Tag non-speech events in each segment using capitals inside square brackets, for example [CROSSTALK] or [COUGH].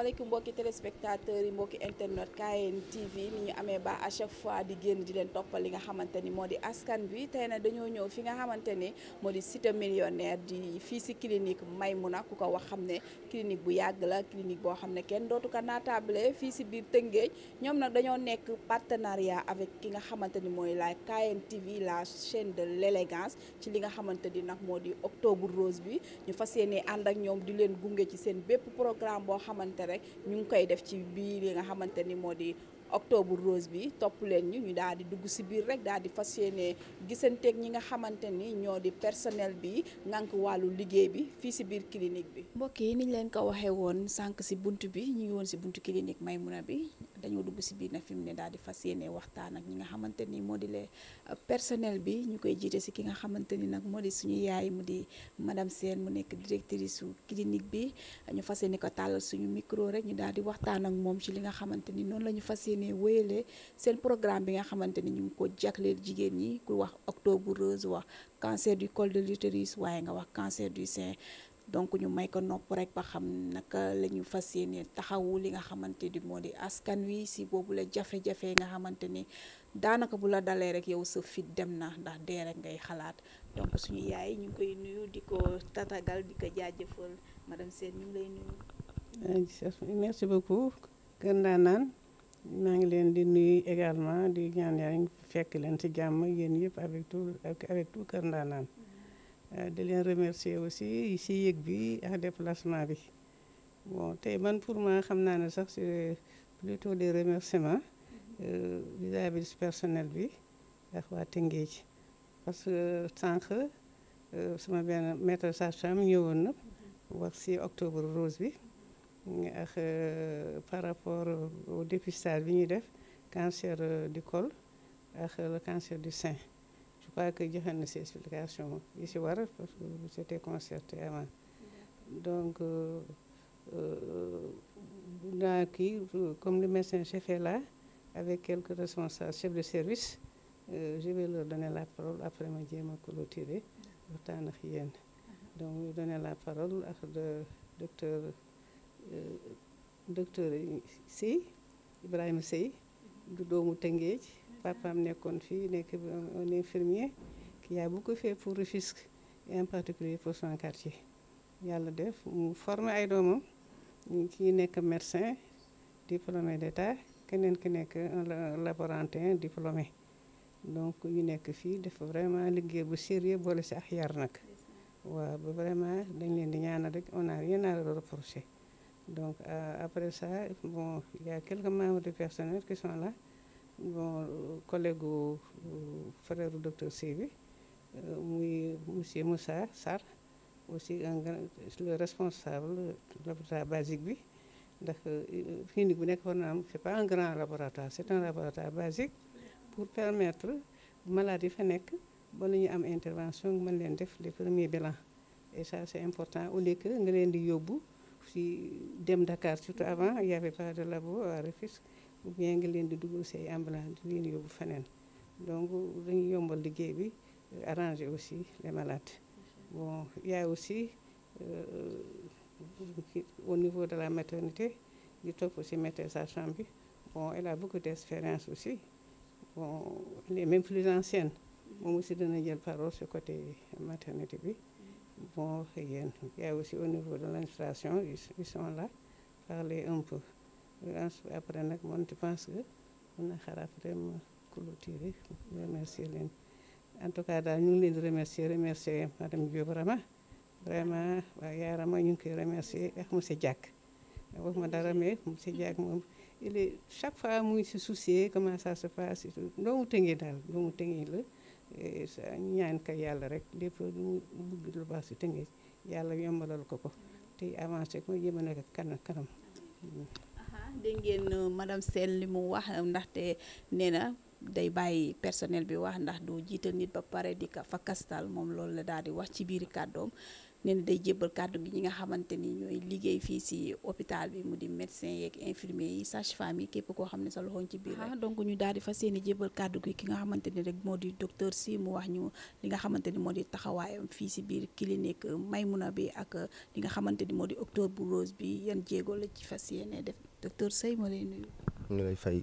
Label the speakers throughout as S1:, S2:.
S1: asalaamaaleykum mbokki téléspectateurs
S2: yi mbokki internet KN TV ni ñu amee ba à chaque fois di génn di leen toppal li nga xamante ni moo di askan bi tey na dañoo ñëw fi nga xamante ni moo di Cité Millionnaire di fii si clinique Maïmouna ku ko wax xam ne clinique bu yàgg la clinique boo xam ne kenn dootu ko naatable fii si biir Tëngéej ñoom nag dañoo nekk partenariat avec ki nga xamante ni mooy la KN TV la chaîne de l'élégance ci li nga xamante ni nag moo di octobre rose bi ñu fas yéene ànd ak ñoom di leen gunge ci seen bépp programme boo xamante rek ñu ngi koy def ci biir yi nga xamante ni moo di octobre rose bi topp leen ñu ñu daal di dugg si biir rek daal di fas yéene gisanteeg ñi nga xamante ni ñoo di personnel bi ngànk wàllu liggéey bi fii si biir clinique bi. mbokk yi niñ leen ko waxee woon sànq si bunt bi ñu ngi woon si buntu clinique Maymuna bi dañoo dugg si biir na fi mu ne daal di fas yéene waxtaan ak ñi nga xamante ni moo di lee personnel bi ñu koy jiite si ki nga xamante ni nag moo di suñu yaay mu di madame Sène mu nekk directrice su clinique bi ñu fas yéene ko tàllal suñu micro rek ñu daal di waxtaan ak moom ci li nga xamante ni noonu la ñu yéenee wéyalee seen programme bi nga xamante ni ñu ngi ko jagleel jigéen ñi ku wax octobre rose wax cancer du col de l'utérus waaye nga wax cancer du sein donc ñu may ko nopp rek ba xam naka la ñu fas yéene taxawu li nga xamante ni moo di askan wi si boobu la jafe-jafe nga xamante ni daanaka bu la dalee rek yow sa fit dem na ndax derek ngay xalaat donc suñu yaay ñu ngi koy nuyu di ko tatagal di ko jaajëfal madame Sène ñu ngi lay nuyu.
S3: merci beaucoup maa ngi leen di nuyu également di ñaan yaa ngi fekk leen ci jàmm yéen yëpp avec tout avec tout Kër Ndanaan euh, di leen remercier aussi si yëg bi ak déplacement bi bon tey man pour ma xam naa ne sax c'est plutôt des remerciements euh, vis-à-vis personnel bi ndax waa Tëngéej parce que sànq euh, sama benn maître sage-femme ñëwoon na wax si octobre rose bi. ak euh, par rapport au dépistage bi ñuy def cancer euh, du col ak le cancer du sein je crois que joxe na si yi si war parce que c'était donc euh, naa kii comme le médecin chef là avec quelques responsables chefs de service je vais leur donner la parole après ma jéem a clôturer waxtaan ak yéen donc ñu donner la parole ak le Euh, docteur si Ibrahima Sey du doomu Tëngéej papaam nekkoon fii nekk un infirmier qui a beaucoup fait pour Rufisque et en particulier pour son quartier yàlla def mu former ay doomam kii nekk médecin diplômé d'état keneen ki nekk un laborantin diplômé donc ñu nekk fii dafa vraiment liggéey bu sérieux boole si ak yar nag waaw ba vraiment dañ leen di ñaanal rek on a rien à reprocher Donc euh, après sa bon, il y a quelques membres du personnel qui sont là. Bon, collègue ou, ou frère du docteur Sébi, euh, monsieur Moussa Sarr, aussi un grand, le responsable de l'hôpital basique bi. ndax euh, clinique bu nekk war na am c'est pas un grand laboratoire c'est un laboratoire basique pour permettre malade fa nekk bala ñu am intervention man leen def les premiers bilans et ça c'est important au lieu que nga leen di yóbbu fi dem Dakar surtout avant il y avait de labo à Rufisque ou bien nga leen di dugal say ambulance di leen yóbbu feneen donc dañuy yombal liggéey bi arrangé aussi les malades bon il y a aussi euh, au niveau de la maternité di topp aussi maîtresse sage-femme bi bon elle a beaucoup d'expérience aussi bon les même plus anciennes moom aussi dana jël parole ce côté maternité bi bon Il y a aussi au niveau de l'administration, ils, ils, la là, parler un peu. Après, je pense qu'on a vraiment clôturé. Remercier leen En tout cas, nous les remercions, remercier Mme Diop Vraiment, koy remercier M. Jack. monsieur Diak moom il est chaque fois muy si soucier comment ça se passe et tout daal doomu Tëngéej la Eh, ñaan ka yàlla rek lépp lu mu bëgg lu baax si tëngéej yàlla yombalal ko ko te avancé ko jëmale ko kanam kanam
S2: dégg ngeen euh, madame Sène li mu wax ndaxte nee na day bàyyi personnel bi wax ndax doo jiital nit ba pare di ka fakastal moom loolu la daal di wax ci biir kàddoom nee day jébbal kàddu gi ñi nga xamante ni ñooy liggéey fii si hôpital bi mu di médecin yeeg infirmier yi sage femme yi képp koo xam ne sa loxoon ci biir ah, donc ñu daal di fas yéene jébbal kàddu gi ki nga xamante ni rek moo di docteur si mu wax ñu li nga xamante ni moo di taxawaayam fii si biir clinique Maymuna bi ak li nga xamante ni moo di Octobre Rose bi yan jéego la ci fas yéene def docteur Seye ma lay nuyu.
S4: ñu fay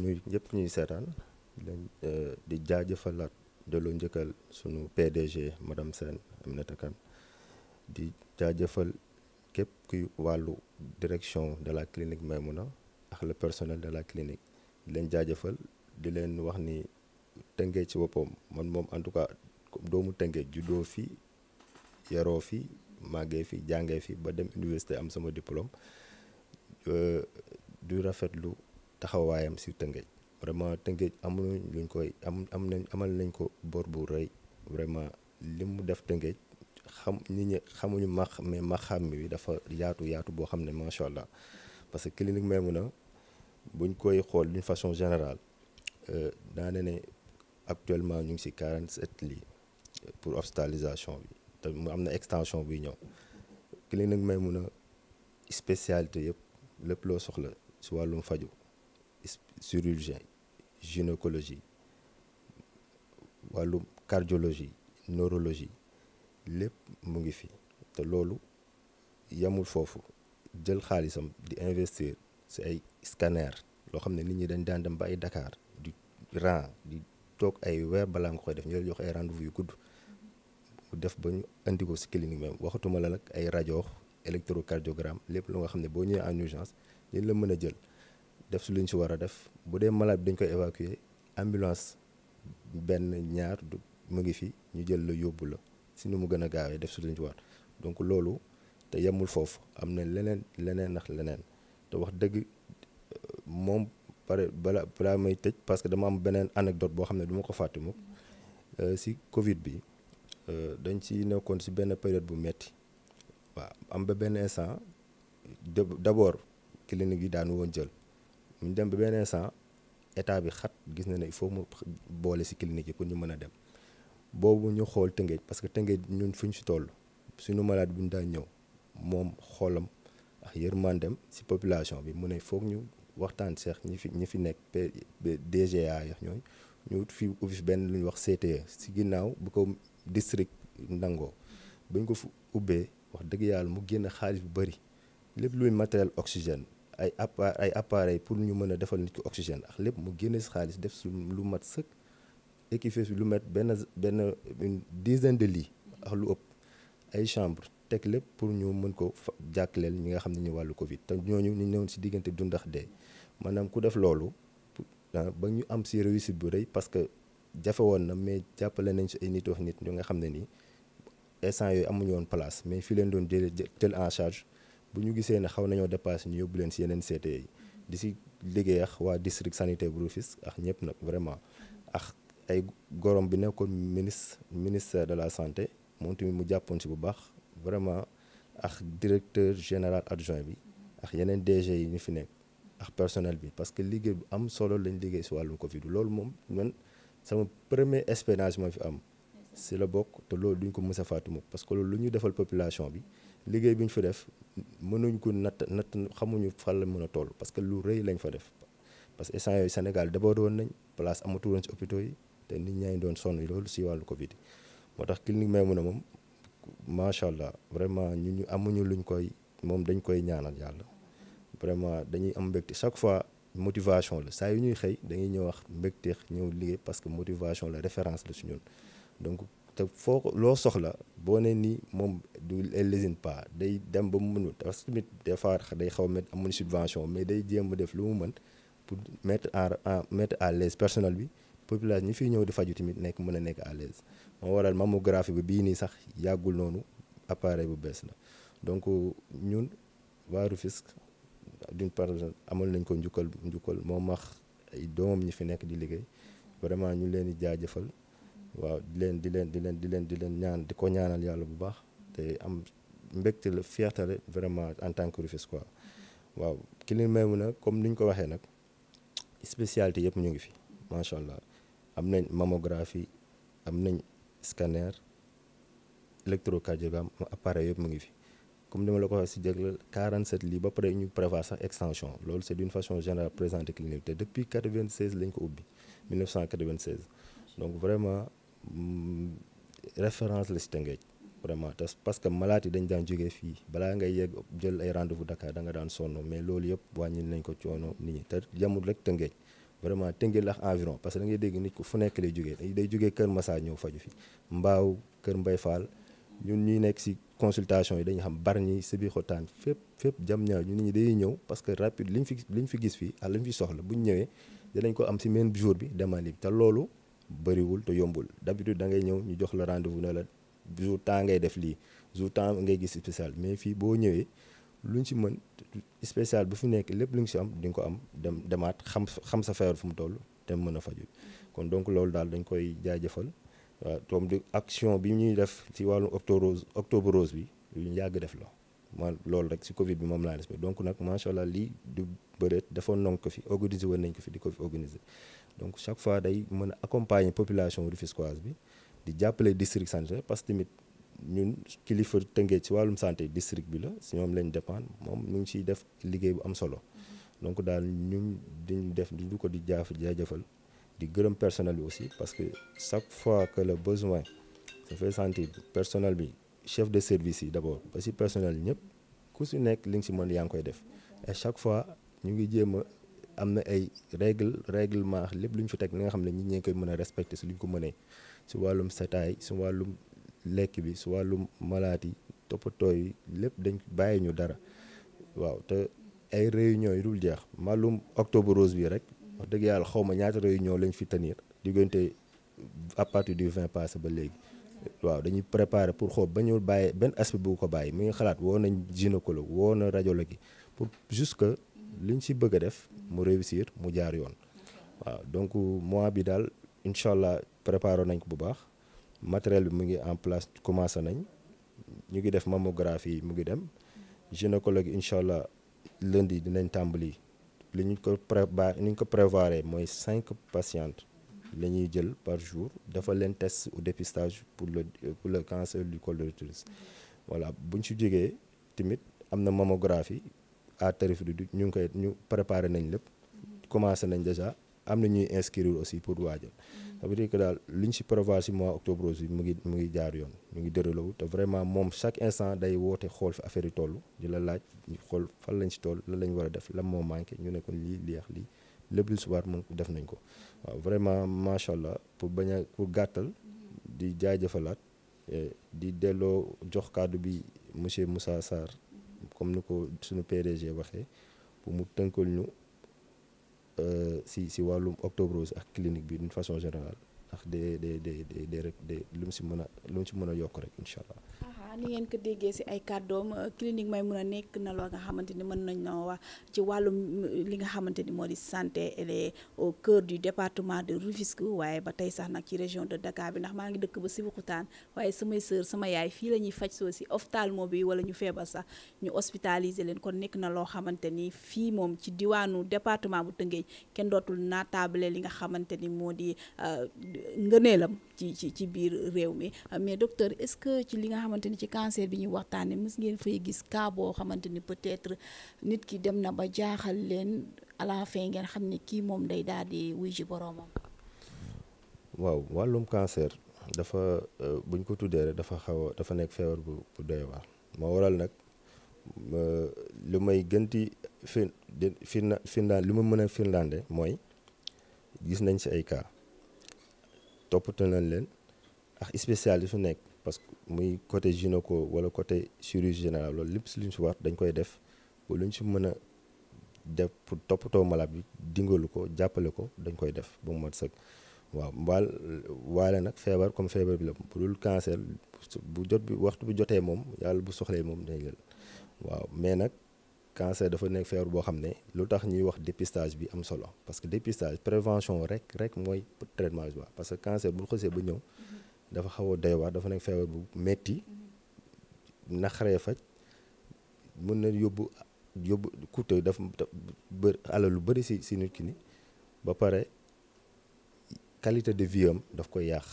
S4: nuyu ñëpp ñuy seetaan di euh, jaajëfalaat de njëkkal sunu PDG madame Sène Aminata Kane di jaajëfal képp kuy wàllu direction de la clinique a ak le personnel de la clinique di leen jaajëfal di leen wax ni Tëngéej ci boppam man moom en tout cas doomu Tëngéej juddoo fi yaroo fi màggee fi jàngee fi ba dem université am sama diplôme euh, du rafetlu taxawaayam si Tëngéej vraiment Tëngéej amul luñ koy am am nañ amal nañ ko bor bu rëy vraiment li mu def Tëngéej xam nit ñi xamuñu ma mais maxam bi dafa yaatu yaatu boo xam ne macha allah parce que clinique Maïmouna buñ koy xool d'une façon générale euh, daane ne actuellement ñu ngi ci 47 lits euh, pour hospitalisation bi te mu am na extension buy ñëw mun a spécialité yëpp lépp loo soxla si wàllum faju chirurgien gynécologie wàllum cardiologie neurologie lépp mu ngi fi te loolu yemul foofu jël xaalisam di investir si ay scanner loo xam ne nit ñi dañ daan dem ba ay Dakar di ran di toog ay weer balaa nga koy def ñu la jox ay rendez-vous gudd mu def ba ñu indi ko si clinique même waxatuma la nag ay rajo électrocardiogramme lépp loo nga xam ne boo ñëwee en urgence ñun la mën a jël def si lu ñu si war a def bu dee malade bi dañ koy évacuer ambulance benn ñaar du mu ngi fi ñu jël la yóbbu la. si nu mu gën a gaawee def si luñ ci waat donc loolu te yemul foofu am na leneen leneen ndax leneen te wax dëgg euh, moom pare bala balaa may tëj parce que dama am beneen anecdote boo xam ne duma ko fàtte mukk euh, si Covid bi euh, dañ ci nekkoon si benn période bu metti waaw am ba benn instant d'abord clinique yi daanu woon jël ñu dem ba benn instant état bi xat gis na ne il faut mu boole si clinique yi pour ñu mën a dem. boobu ñu xool tëngéej parce que tëngéej ñun fu ñu si toll suñu malaat bu ñu daan ñëw moom xoolam ak yërmandem si population bi mu ne foog ñu waxtaan seex ñi fi ñi fi nekk DGA yax ñooñu ñu fi ubbi fi benn lu ñuy wax CTE si ginnaaw bu ko district nangoo buñ ko fu ubbee wax dëgg yàlla mu génn xaalis bu bëri lépp luy matériel oxygène ay appareil ay appareil pour ñu mën a defal nit ki oxygène ak lépp mu génne si xaalis def su lu mat sëkk équiper lu met benn benn une dizaine de lits ax lu ëpp ay chambre teg lépp pour ñu mën ko jàkkaleel ñi nga xam ne ñu wàllu Covid te ñooñu ñu newoon si diggante dund ak dee maanaam ku def loolu ah, ba ñu am si réussite bu rëy parce que jafe woon na mais jàppale nañ si ay nit wax nit ñu nga xam ne nii instant yooyu amuñu woon place mais fii leen doon jël jël en charge bu ñu gisee ne xaw nañoo dépassé ñu yóbbu leen si yeneen CTE yi di si liggéey ak waa district sanitaire bu Rufisque ak ñëpp nag vraiment ak ay gorom bi nekkoon ministre ministère de la santé moom tamit mu jàppoon si bu baax vraiment ak directeur général adjoint bi ak yeneen DG yi ñu fi nekk ak personnel bi parce que liggéey bu am solo lañ liggéey si wàllum Covid loolu moom man sama premier expérience ma fi am si la bokk te loolu duñ ko mës a fàttu mukk parce que loolu lu ñu defal population bi liggéey bi ñu fa def mënuñ ko natt natt xamuñu fan la mën a toll parce que lu rëy lañ fa def parce que instant yooyu Sénégal d'abord woon nañ place amatu woon si yi nit ñaa ngi doon sonn loolu si wàllu Covid moo tax clinique may mun a moom macha allah vraiment ñu ñu amuñu luñ koy moom dañ koy ñaanal yàlla vraiment dañuy am mbégte chaque fois motivation la saa yu ñuy xëy dañuy ñëw wax mbégte ñëw liggéey parce que motivation la référence la si ñun donc te foo loo soxla boo ne nii moom du lésine pas day dem ba mu mënul parce que des fois day xaw a mettre amuñu subvention mais day jéem a def lu mu mën pour mettre en mettre à l'aise personnel bi. population ñi fiy ñëw di faju tamit nekk mën a nekk à l'aise moo waral mammographie bi bii nii sax yàggul noonu appareil bu bees la donc ñun waa Rufisque par part amal nañ ko njukkal njukkal moom max ay doomam ñi fi nekk di liggéey vraiment ñu leen di jaajëfal waaw di leen di leen di leen di leen di leen ñaan di ko ñaanal yàlla bu baax te am mbégte la fierté la vraiment en tant que Rufisquois waaw Clinique Maïmouna nag comme ni ko waxee nag spécialité yëpp ñu ngi fi macha allah. am nañ mammographie am nañ scanner électrocardiogramme appareil yëpp mu ngi fi comme ni ma la ko waxee si jagleel 47 lii ba pare ñu prévoir sax extension loolu c'est d'une façon générale présenter clinique te depuis 96 lañ ko ubbi 1996 donc vraiment mm, référence la si Tëngéej vraiment te parce que malade yi dañ daan jógee fii balaa ngay yegg jël ay rendez-vous Dakar da nga daan sonn mais loolu yëpp wàññil nañ ko coono nit ñi te yemul rek Tëngéej vraiment Tëngéej lax environ parce que da ngay dégg nit ku fu nekk lay jógee day jógee Kër Massa ñëw faju fi Mbaaw Kër Mbay faal ñun ñuy nekk si consultation yi dañu xam bar ñi sa biir xotaan fépp fépp jam ñaaw ñu nit ñi day ñëw parce que rapide liñ fi liñ fi gis fii ak liñ fi soxla buñ ñëwee danañ ko am si même jour bi demande bi te loolu bariwul te yombul d'habitude da ngay ñëw ñu jox la rendez-vous ne la jour temps ngay def lii jour temps ngay gis spécial mais fii boo ñëwee lu luñ ci mën spécial bu fi nekk lépp lu luñ ci am di ko am dem demaat xam xam sa feebar fu mu toll te mën a faju kon donc loolu daal dañ koy jaajëfal waaw toom du action bi ñuy def ci wàllu octobre rose bi lu ñu yàgg def la ma loolu rek ci Covid bi moom laa respect donc nag macha allah lii du bëreet defoon nañ ko fi organiser woon nañ ko fi di ko fi organiser chaque fois day mën a accompagner population rufisquoise bi di jàppale district sanitaire parce que tamit ñun kilifa Tëngéej ci wàllum santé district bi la si ñoom lañ dépendre moom ñu ngi ciy def liggéey bu am solo donc daal ñun dañu def di du ko di jaaf jaajëfal di gërëm personnel bi aussi parce que chaque fois que le besoin se fait sentir personnel bi chef de service yi d'abord ba si personnel ñëpp ku si nekk li nga si mën yaa ngi koy def et chaque fois ñu ngi jéem a am na ay règle règlement lépp lu ñu fi teg li nga xam ne ñi ñee koy mën a respecter si lu ñu ko mënee si wàllum setaay si wàllum lekk bi si wàllu malaat yi toppatoo yi lépp dañ bàyyi ñu dara waaw te ay réunion yi dul jeex màllum octobre rose bi rek wax dëgg yàlla xaw ma ñaata réunion lañu fi tenir diggante à partir du vingt passé ba léegi waaw dañuy préparer pour xool ba ñu bàyyi benn aspect bu ko bàyyi mi ngi xalaat woo nañ gynécologue woo na radiologue pour juste que liñ ci bëgg a def mu réussir mu jaar yoon waaw donc mois bi daal incha allah préparé nañ ko bu baax. matériel bi mu ngi en place commencé nañ ñu ngi def mammographie mu ngi dem gynécologue incha allah lundi dinañ tàmbali li ñu ko prévoir ni ñu ko prévoir mooy cinq patientes la ñuy jël par jour dafa leen test ou dépistage pour le pour le cancer du col de l'utérus voilà bu ñu si jógee tamit am na mammographie à tarif réduit ñu ngi koy ñu préparer nañ lépp commencé nañ déjà am na ñuy inscrire aussi pour waajal. Mm-hmm. ça veut dire que daal li ñu si prévoir si mois octobre rose mu ngi mu ngi jaar yoon mu ngi dërëlawu te vraiment moom chaque instant day woote xool fi affaire yi toll di la laaj ñu xool fan lañ si tool lan lañ war a def lan moo manqué ñu ne kon lii leex lii lépp lu subaar ko def nañ ko waaw vraiment macha allah pour bañ a pour gàttal mm-hmm. di jaajëfalaat e di delloo jox kàddu bi monsieur Moussa Sarr mm-hmm. comme ni ko suñu PDG waxee pour mu tënkal ñu. Euh, si si wàllum octobrose ak clinique bi d'une façon générale ndax des des des des des lu mu si mën a lu mu si mën a yokk rek incha allah
S2: waaw ni ngeen ko déggee ci ay kàddoom euh, clinique may mun a nekk na loo nga xamante ni mën nañ noo wax ci wàllu euh, li nga xamante ni moo di santé elle o au cœur du département de Rufisque waaye ba tey sax nag ci région de Dakar bi ndax maa ngi dëkk ba Sébikotane waaye samay sœur sama yaay fii la ñuy faj soo si ophtalmo bi wala ñu feebal sax ñu hospitaliser leen kon nekk na loo xamante ni fii moom ci diwaanu département bu Tëngéej kenn dootul naataable li nga xamante ni moo di euh, ngëneelam ci ci ci biir réew mi li nga ci cancer bi ñuy waxtaanee mis ngeen fay gis cas boo xamante ni peut-être nit ki dem na ba jaaxal leen à la ngeen xam ne kii moom day daal di wuy ji boroomam.
S4: waaw wàllum cancer dafa euh, buñ ko tuddee rek dafa xaw dafa nekk feebar bu bu doy waar moo waral nag lu may gënti fir firnda firndaan li ma mën a firndaande mooy gis nañ si ay cas toppatoo nañ leen ak spécialiste su nekk. parce que muy côté gynéco wala côté chirurgie général loolu lépp si lu ñu si war dañ koy def ba lu ñu si mën a def pour toppatoo malade bi dingalu ko jàppale ko dañ koy def ba mu mat sëkk waaw mbaal waale nag feebar comme feebar bi la bu dul cancer bu jot bi waxtu bu jotee moom yàlla bu soxlee moom day waaw mais nag cancer dafa nekk feebar boo xam ne lu tax ñuy wax dépistage bi am solo parce que dépistage prévention rek rek mooy traitement bi parce que cancer bu xësee ba ñëw. dafa xaw a doy dafa nekk feebar bu metti naqaree faj mën na yóbbu yóbbu coûte daf bër alal lu bëri si si nit ki ni ba pare qualité de vie am daf koy yàq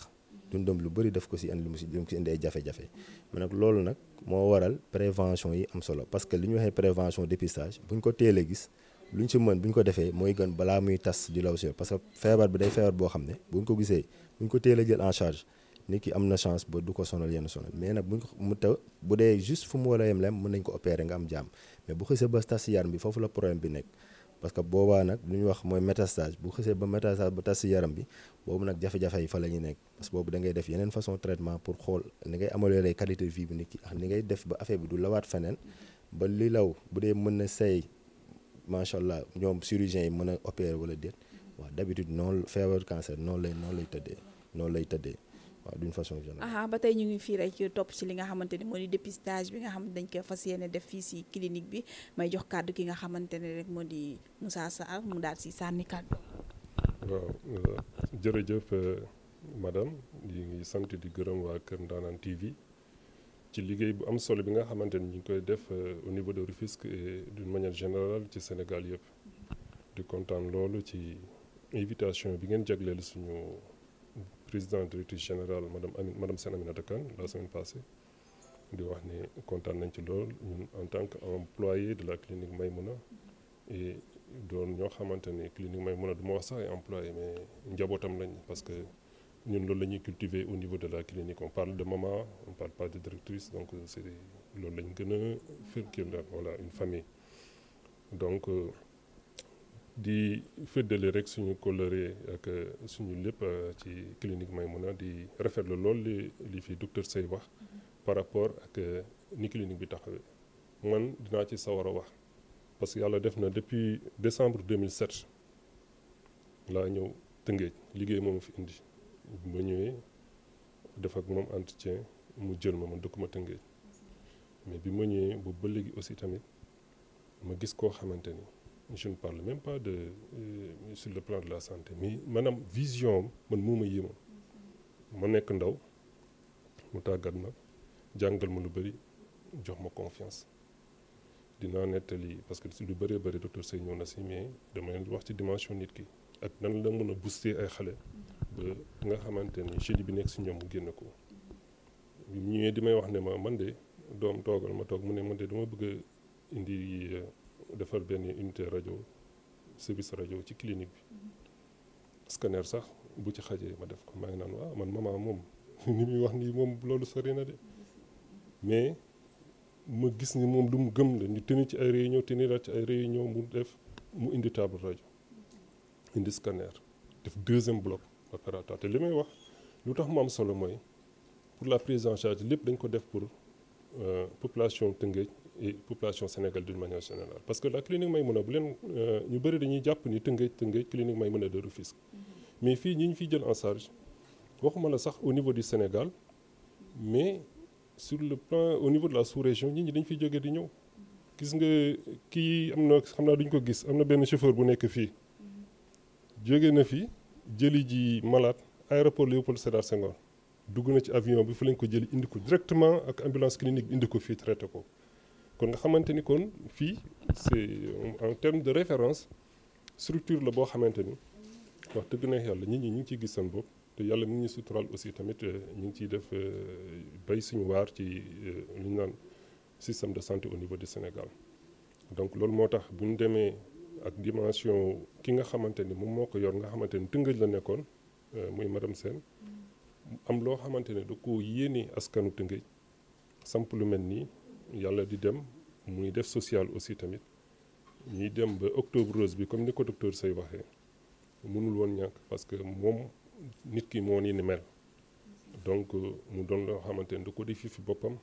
S4: dundam lu bëri daf ko si indi lu mu si lu indi ay jafe-jafe mais nag loolu nag moo waral prévention yi am solo parce que li ñu waxee prévention dépistage buñ ko téelee gis lu ñu si mën bu ko defee mooy gën balaa muy tas di law si parce que feebar bi day feebar boo xam ne bu ñu ko gisee bu ñu ko téelee jël en charge nit ki am na chance ba du ko sonal yenn sonal mais nag buñ mu ta bu dee juste fu mu war a yem mën nañ ko opérer nga am jàmm mais bu xësee ba tas si yaram bi foofu la problème bi nekk parce que boobaa nag lu ñu wax mooy métastage bu xësee ba métastage ba tas si yaram bi boobu nag jafe-jafe yi fa la ñuy nekk parce que boobu dangay def yeneen façon traitement pour xool ni ngay améliorer qualité de vie bi nit ki ni ngay def ba affaire bi du lawaat feneen ba li law bu dee mën na say macha allah ñoom chirurgien yi mën a opérer wala déet waaw d'habitude noonu feebar cancer noonu lay noonu lay tëddee noonu lay tëddee waaw d'une façon générale.
S2: ba tey ñu ngi fii rek topp ci li nga xamante ni moo di dépistage bi nga xam dañ koy fas yéene def fii ci clinique bi may jox kàddu ki nga xamante ne rek moo di Moussa Sarr mu daal ci sànni kàddu.
S5: waaw euh, jërëjëf euh, madame yi ngi sant di gërëm waa Kër Ndanaan TV ci liggéey bu am solo bi nga xamante ni ñu ngi koy def euh, au niveau de Rufisque et d'une manière générale ci Sénégal yëpp di kontaan loolu ci invitation bi ngeen jagleel suñu. président directrice générale madame Amin madame Sène Aminata semaine passée di wax ni kontaan nañ ci lool ñun en tant que employé de la clinique Maïmouna et doon ñoo xamante ne clinique Maïmouna du ma wax sax ay employé mais njabootam lañ parce que ñun loolu la ñuy cultiver au niveau de la clinique on parle de maman on parle pas de directrice donc euh, c'est loolu lañ gën a firkil voilà une famille donc. Euh, di féddali rek suñu coloré ak euh, suñu lépp euh, ci clinique Maïmouna di rafetlu lool li li fi docteur Seye wax mm-hmm. par rapport ak euh, ni clinique bi taxawee man dinaa ci sawar a wax parce que yàlla def na depuis décembre 2007 laa ñëw Tëngéej liggéey moom fi indi ma ñëwee def ak moom entretien mu jël ma man ma Tëngéej mm-hmm. mais bi ma ñëwee boobu ba léegi aussi tamit ma gis koo xamante ni. je ne parle même pas de euh, sur le plan de la santé mais maanaam vision man moo ma yéema ma nekk ndaw mu tàggat ma jàngal ma lu bëri jox ma confiance dinaa nettali parce que lu bëree bëri docteur Seye ñëw na si mais dama leen wax ci dimension nit ki ak nan la mën a booster ay xale ba nga xamante ni génie bi nekk si ñoom mu génn ko ñëwee di may wax ne ma man de doom toogal ma toog mu ne man de dama bëgg indi. Euh, defal benn unité rajo service rajo ci clinique bi scanner sax bu ci xajee ma def ko maa ngi naan waa man maman moom [LAUGHS] ni muy wax nii moom loolu sori na de mais ma gis ni moom lu mu gëm la ñu tenu ci ay réunion tenu la ci ay réunion mu def mu indi table rajo indi scanner def deuxième bloc opératoire te li may wax lu tax mu am solo mooy pour la prise en charge lépp dañ ko def pour euh, population Tëngéej population Sénégal d'une manière générale parce que la clinique a bu leen euh, ñu bëri dañuy jàpp ni Tëngéej Tëngéej clinique a de Rufisque
S1: mm-hmm.
S5: mais fii ñi ñu fiy jël en charge waxuma la sax au niveau du Sénégal mais sur le plan au niveau de la sous-région ñi ñi dañu fiy jógee di ñëw gis nga kii am na xam naa duñ ko gis am na benn chauffeur bu nekk fii
S1: mm-hmm.
S5: jóge na fi jëli ji malade aéroport Léopold Sédar Senghor dugg na ci avion bi fu lañ ko jëli indi ko directement ak ambulance clinique indi ko fii traité ko kon nga xamante ni kon fii c'est en terme de référence structure la boo xamante ni wax dëgg neex yàlla nit ñi ñu ngi ciy gis seen bopp te yàlla mi ngi ñu suturaal aussi tamit euh, ñu ngi ciy def euh, bay suñu waar ci euh, lu ñu naan système de santé au niveau de Sénégal donc loolu moo tax bu ñu demee ak dimension ki nga xamante ni moom moo ko yor nga xamante ni tëngëj la nekkoon muy madame seen am loo xamante ne da ko yéene askanu tëngëj samp mel nii yàlla di dem muy def social aussi tamit ñuy dem ba octobre rose bi comme ni ko docteur Seye waxee mënul woon ñàkk parce que moom nit ki moo ni ni mel donc mu doon loo xamante ni du ko di fifi boppam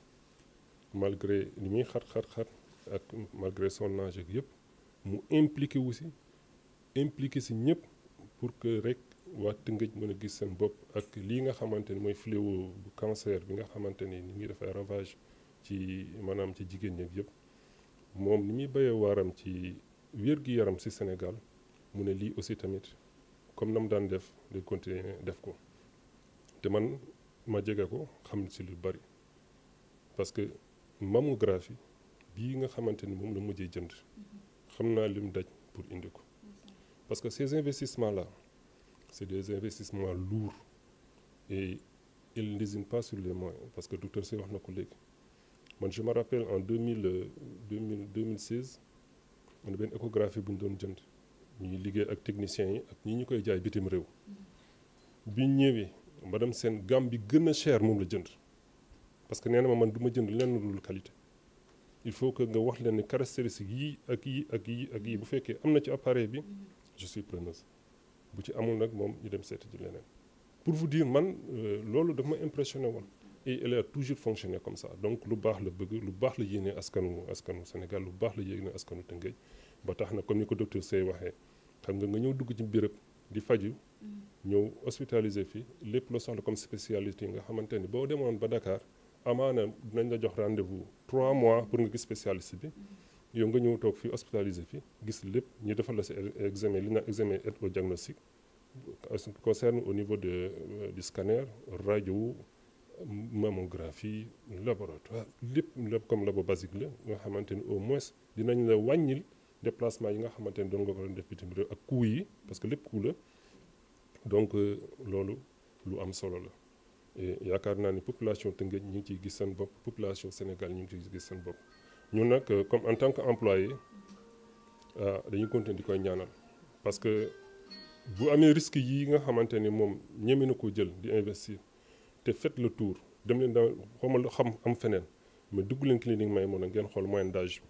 S5: malgré li muy xat-xat-xat ak malgré son ak yëpp mu impliqué wu si impliqué si ñëpp pour que rek waa Tëngéej mën a gis seen bopp ak lii nga xamante ni mooy fléau bu cancer bi nga xamante ni ñu ngi def ravage ci maanaam ci jigéen ñi yëpp moom ni muy béyee waaram ci wér gi yaram si Sénégal mu ne lii aussi tamit comme na mu daan def day continuer def ko te man ma jege ko xam si lu bari parce que mammographie bii nga xamante ni moom la mujjee jënd xam naa lim daj pour indi ko parce que ces investissements là c'est des investissements lourds et ils ne lésinent pas sur les moyens parce que docteur Seye wax na ko léegi man je me rappelle en 2000 2000 2016 am na benn échographie bu ñu doon jënd ñuy liggéey ak techniciens yi ak ñi ñu koy jaay bitim réew bi ñëwee ma dem seen gamme bi gën a cher moom la jënd parce que nee na ma man du ma jënd lenn lu dul qualité il faut que nga wax leen ne caractéristiques yii ak yii ak yii ak yii bu fekkee am na ci appareil bi je suis preneuse bu ci amul nag moom ñu dem seeti ji leneen pour vous dire man euh, loolu daf ma impressionné woon et elle a toujours fonctionné comme ça donc lu baax la bëgg lu baax la yéene askanu askanu Sénégal lu baax la yéene askanu Tëngéej ba tax na comme ni ko docteur Seye waxee xam nga nga ñëw dugg ci béréb di faju mm. ñëw hospitalisé fii lépp la soxla comme yi nga xamante ni boo demoon ba Dakar amaana dinañ la jox rendez-vous 3 mois pour nga gis spécialiste bi mm. yow nga ñëw toog fii hospitalisé fi gis lépp ñu defal la si examen li na examen et au diagnostic concerne au niveau de euh, du scanner rajo mammographie laboratoire lépp lépp comme labo basique la nga xamante ni au moins dinañ la wàññil déplacement yi nga xamante ni doon nga ko doon def bitim réew ak coût yi parce que lépp coût la donc euh, loolu lu am solo la yaakaar naa ni population Tëngéej ñu ngi ciy gis seen bopp population Sénégal ñu ngi ciy gis seen bopp ñun nag euh, comme en tant que employé ah, dañuy continuer di koy ñaanal parce que bu amee risque yi nga xamante ni moom ñeme na ko jël di investir te faites le tour dem leen daaw xamal xam am feneen mais dugg leen clinique Maïmouna ngeen xool moyenne d'âge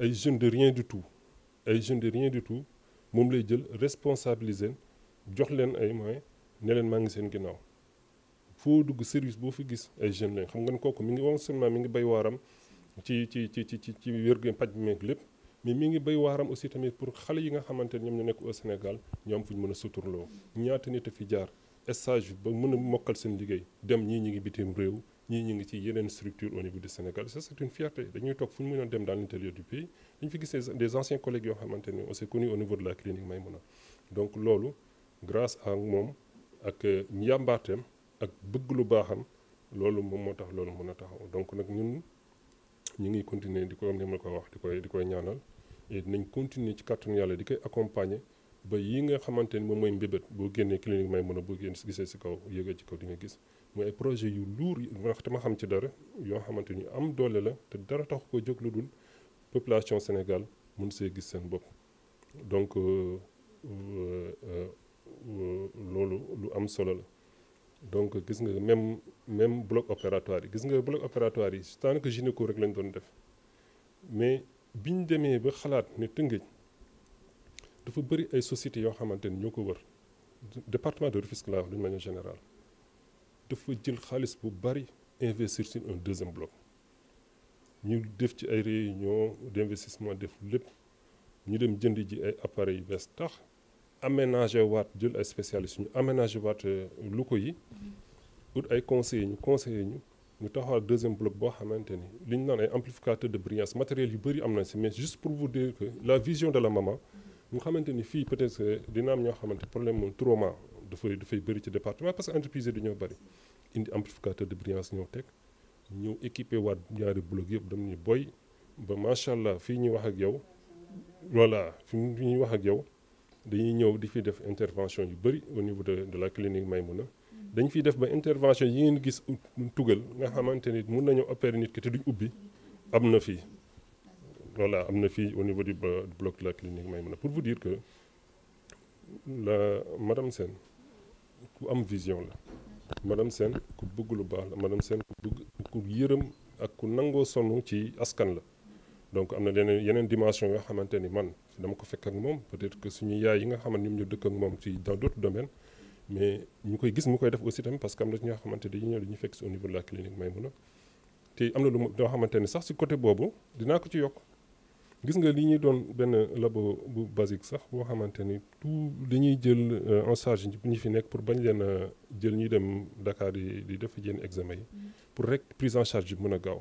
S5: ay jeune de rien du tout ay jeunes de rien du tout moom lay jël responsabiliser jox leen ay moyens ne leen maa ngi seen ginnaaw foo dugg service boo fi gis ay jeunes lañ xam nga ne kooku mi ngi wax seulement mi ngi bay waaram ci ci ci ci ci wérgu paj bi meeg lépp mais mi ngi bay waaram aussi tamit pour xale yi nga xamante ne ñoom ñu nekk au Sénégal ñoom fu ñu mën a suturloo ñaata nit a fi jaar. stage ba mën a mokkal seen liggéey dem ñii ñi ngi bitim réew ñii ñi ngi ci yeneen structure au niveau du Sénégal ça c'est une fierté dañuy toog fu ñu mën a dem dans l'intérieur du pays dañu fi gis des anciens collègues yoo xamante ne on s'est connu au niveau de la clinique Maïmouna donc loolu grâce à moom ak euh, njàmbaateem ak bëgg lu baaxam loolu moom moo tax loolu mën a taxaw donc nag ñun ñu ngi continuer di ko am ni ma wax di koy di koy ñaanal et dinañ continuer ci kàttanu yàlla di koy accompagner ba yi nga xamante ni moom mooy mbébét boo génnee clinique may mën a boo génn gisee si kaw yëgee ci kaw di nga gis mooy ay projet yu luur te ma xam ci dara yoo xamante ni am doole la te dara tax ko jóg lu dul mun see gis seen bopp donc euh, euh, euh, loolu lu am solo la donc gis nga même même bloc opératoire yi gis nga bloc opératoire yi tant que gynéco rek lañ doon def mais biñ demee ba xalaat ne Tëngéej dafa bëri ay sociétés yoo xamante ni ñoo ko wër département de Rufisque laa wax d'une manière générale dafa jël xaalis bu bëri investir sur un deuxième bloc ñu def ci ay réunion d'investissement def lépp ñu dem jënd ji ay appareils yu bees tax aménagé waat jël ay spécialistes ñu aménagé waat euh, lu ko yi ut ay conseillers ñu conseillers ñu ñu taxawal deuxième bloc boo xamante ni li ñu naan ay amplificateur de brillance matériel yu bëri am nañ si mais juste pour vous dire vision de la maman nga xamante ni fii peut-être dina am ñoo xamante problème moom trauma dafay dafay bëri ci département parce que entreprise yi dañoo bëri indi amplificateur de brillance ñoo teg ñëw équipé waat ñaari bloc yëpp dem ñu boy ba macha allah fii ñuy wax ak yow voilà fi ñuy wax ak yow dañuy ñëw di fi def intervention yu bëri au niveau de de la clinique Maïmouna dañ fiy def ba intervention yi ngeen gis tugal nga xamante nit mun nañu opérer nit ki te duñ ubbi am na fii loolu am na fii au niveau du bloc de la clinique Maïmouna pour vous dire que la madame seen ku am vision la madame seen ku bëgg lu baax la madame Sène ku bëgg ku yërëm ak ku nangoo sonn ci askan la donc am na leneen yeneen dimension yoo xamante ni man dama ko fekk ak moom peut-être que suñu yaay yi nga xamante mu ñu dëkk ak moom ci dans d'autres domaines mais ñu koy gis mu koy def aussi tamit parce que am na ñoo xamante dañuy ñëw dañuy fekk si au niveau de la clinique am na lu loo xamante ni sax si côté boobu dinaa ko ci yokk gis nga li ñuy doon benn labo bu basique sax boo xamante ni tout dañuy jël euh, en charge ñu fi nekk pour bañ leen euh, jël ñu dem Dakar di di def yenn examen yi mm-hmm. pour rek prise en charge bi mën a gaaw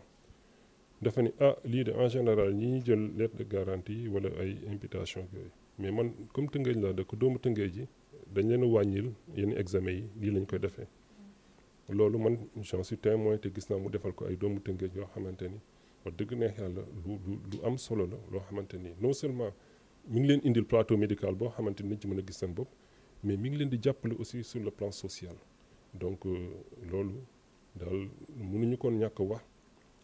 S5: dafa ni ah lii de en général ñi ñu jël lettre de garantie wala ay imputation yooyu mais man comme Tëngéej laa dëkk doomu Tëngéej ji dañ leen a wàññil yenn examen yi lii lañ koy defee mm-hmm. loolu man j'en suis témoin te gis naa mu defal ko ay doomu Tëngéej yoo xamante ni wax dëgg neex yàlla lu lu lu am solo la loo xamante ni non seulement mu ngi leen indil plateau médical boo xamante ni nañ ci mën a gis seen bopp mais mi ngi leen di jàppale aussi sur le plan social donc euh, loolu daal mënuñu kon ñàkk wax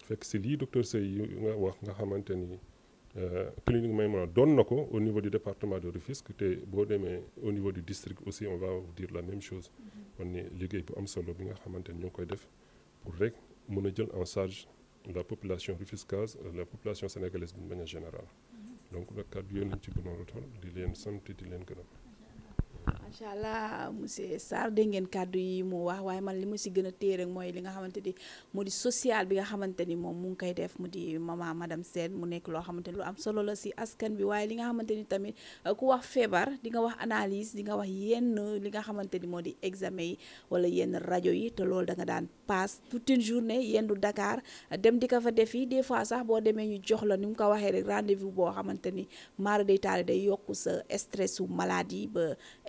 S5: fekk si lii docteur Seye yi nga wax nga xamante ni euh, clinique Maïmouna doon na ko au niveau du département de Rufisque te boo demee au niveau du district aussi on va vous dire la même chose kon mm-hmm. ni liggéey bu am solo bi nga xamante ni ñoo koy def pour rek mën a jël en charge la population rufiscaise euh, la population sénégalaise d'une manière générale mhm. donc nag kàddu yoon lañ ci gënoon a toll di leen sant di leen gërëm.
S2: macha allah monsieur Sarr dégg ngeen kàddu yi mu wax waaye man li ma si gën a téere mooy li nga xamante ni mu di social bi nga xamante ni moom mu ngi koy def mu di mama madame Sène mu nekk loo xamante ni lu am solo la si askan bi waaye li nga xamante ni tamit euh, ku wax feebar di nga wax analyse di nga wax yenn li nga xamante ni moo di examen yi wala yenn rajo yi te loolu da nga daan. paas tout une journée yendu Dakar dem di ko fa defi des fois sax boo demee ñu jox la ni mu ko waxee rek rendez-vous boo xamante ni maara day taali day yokku sa stress su maladie ba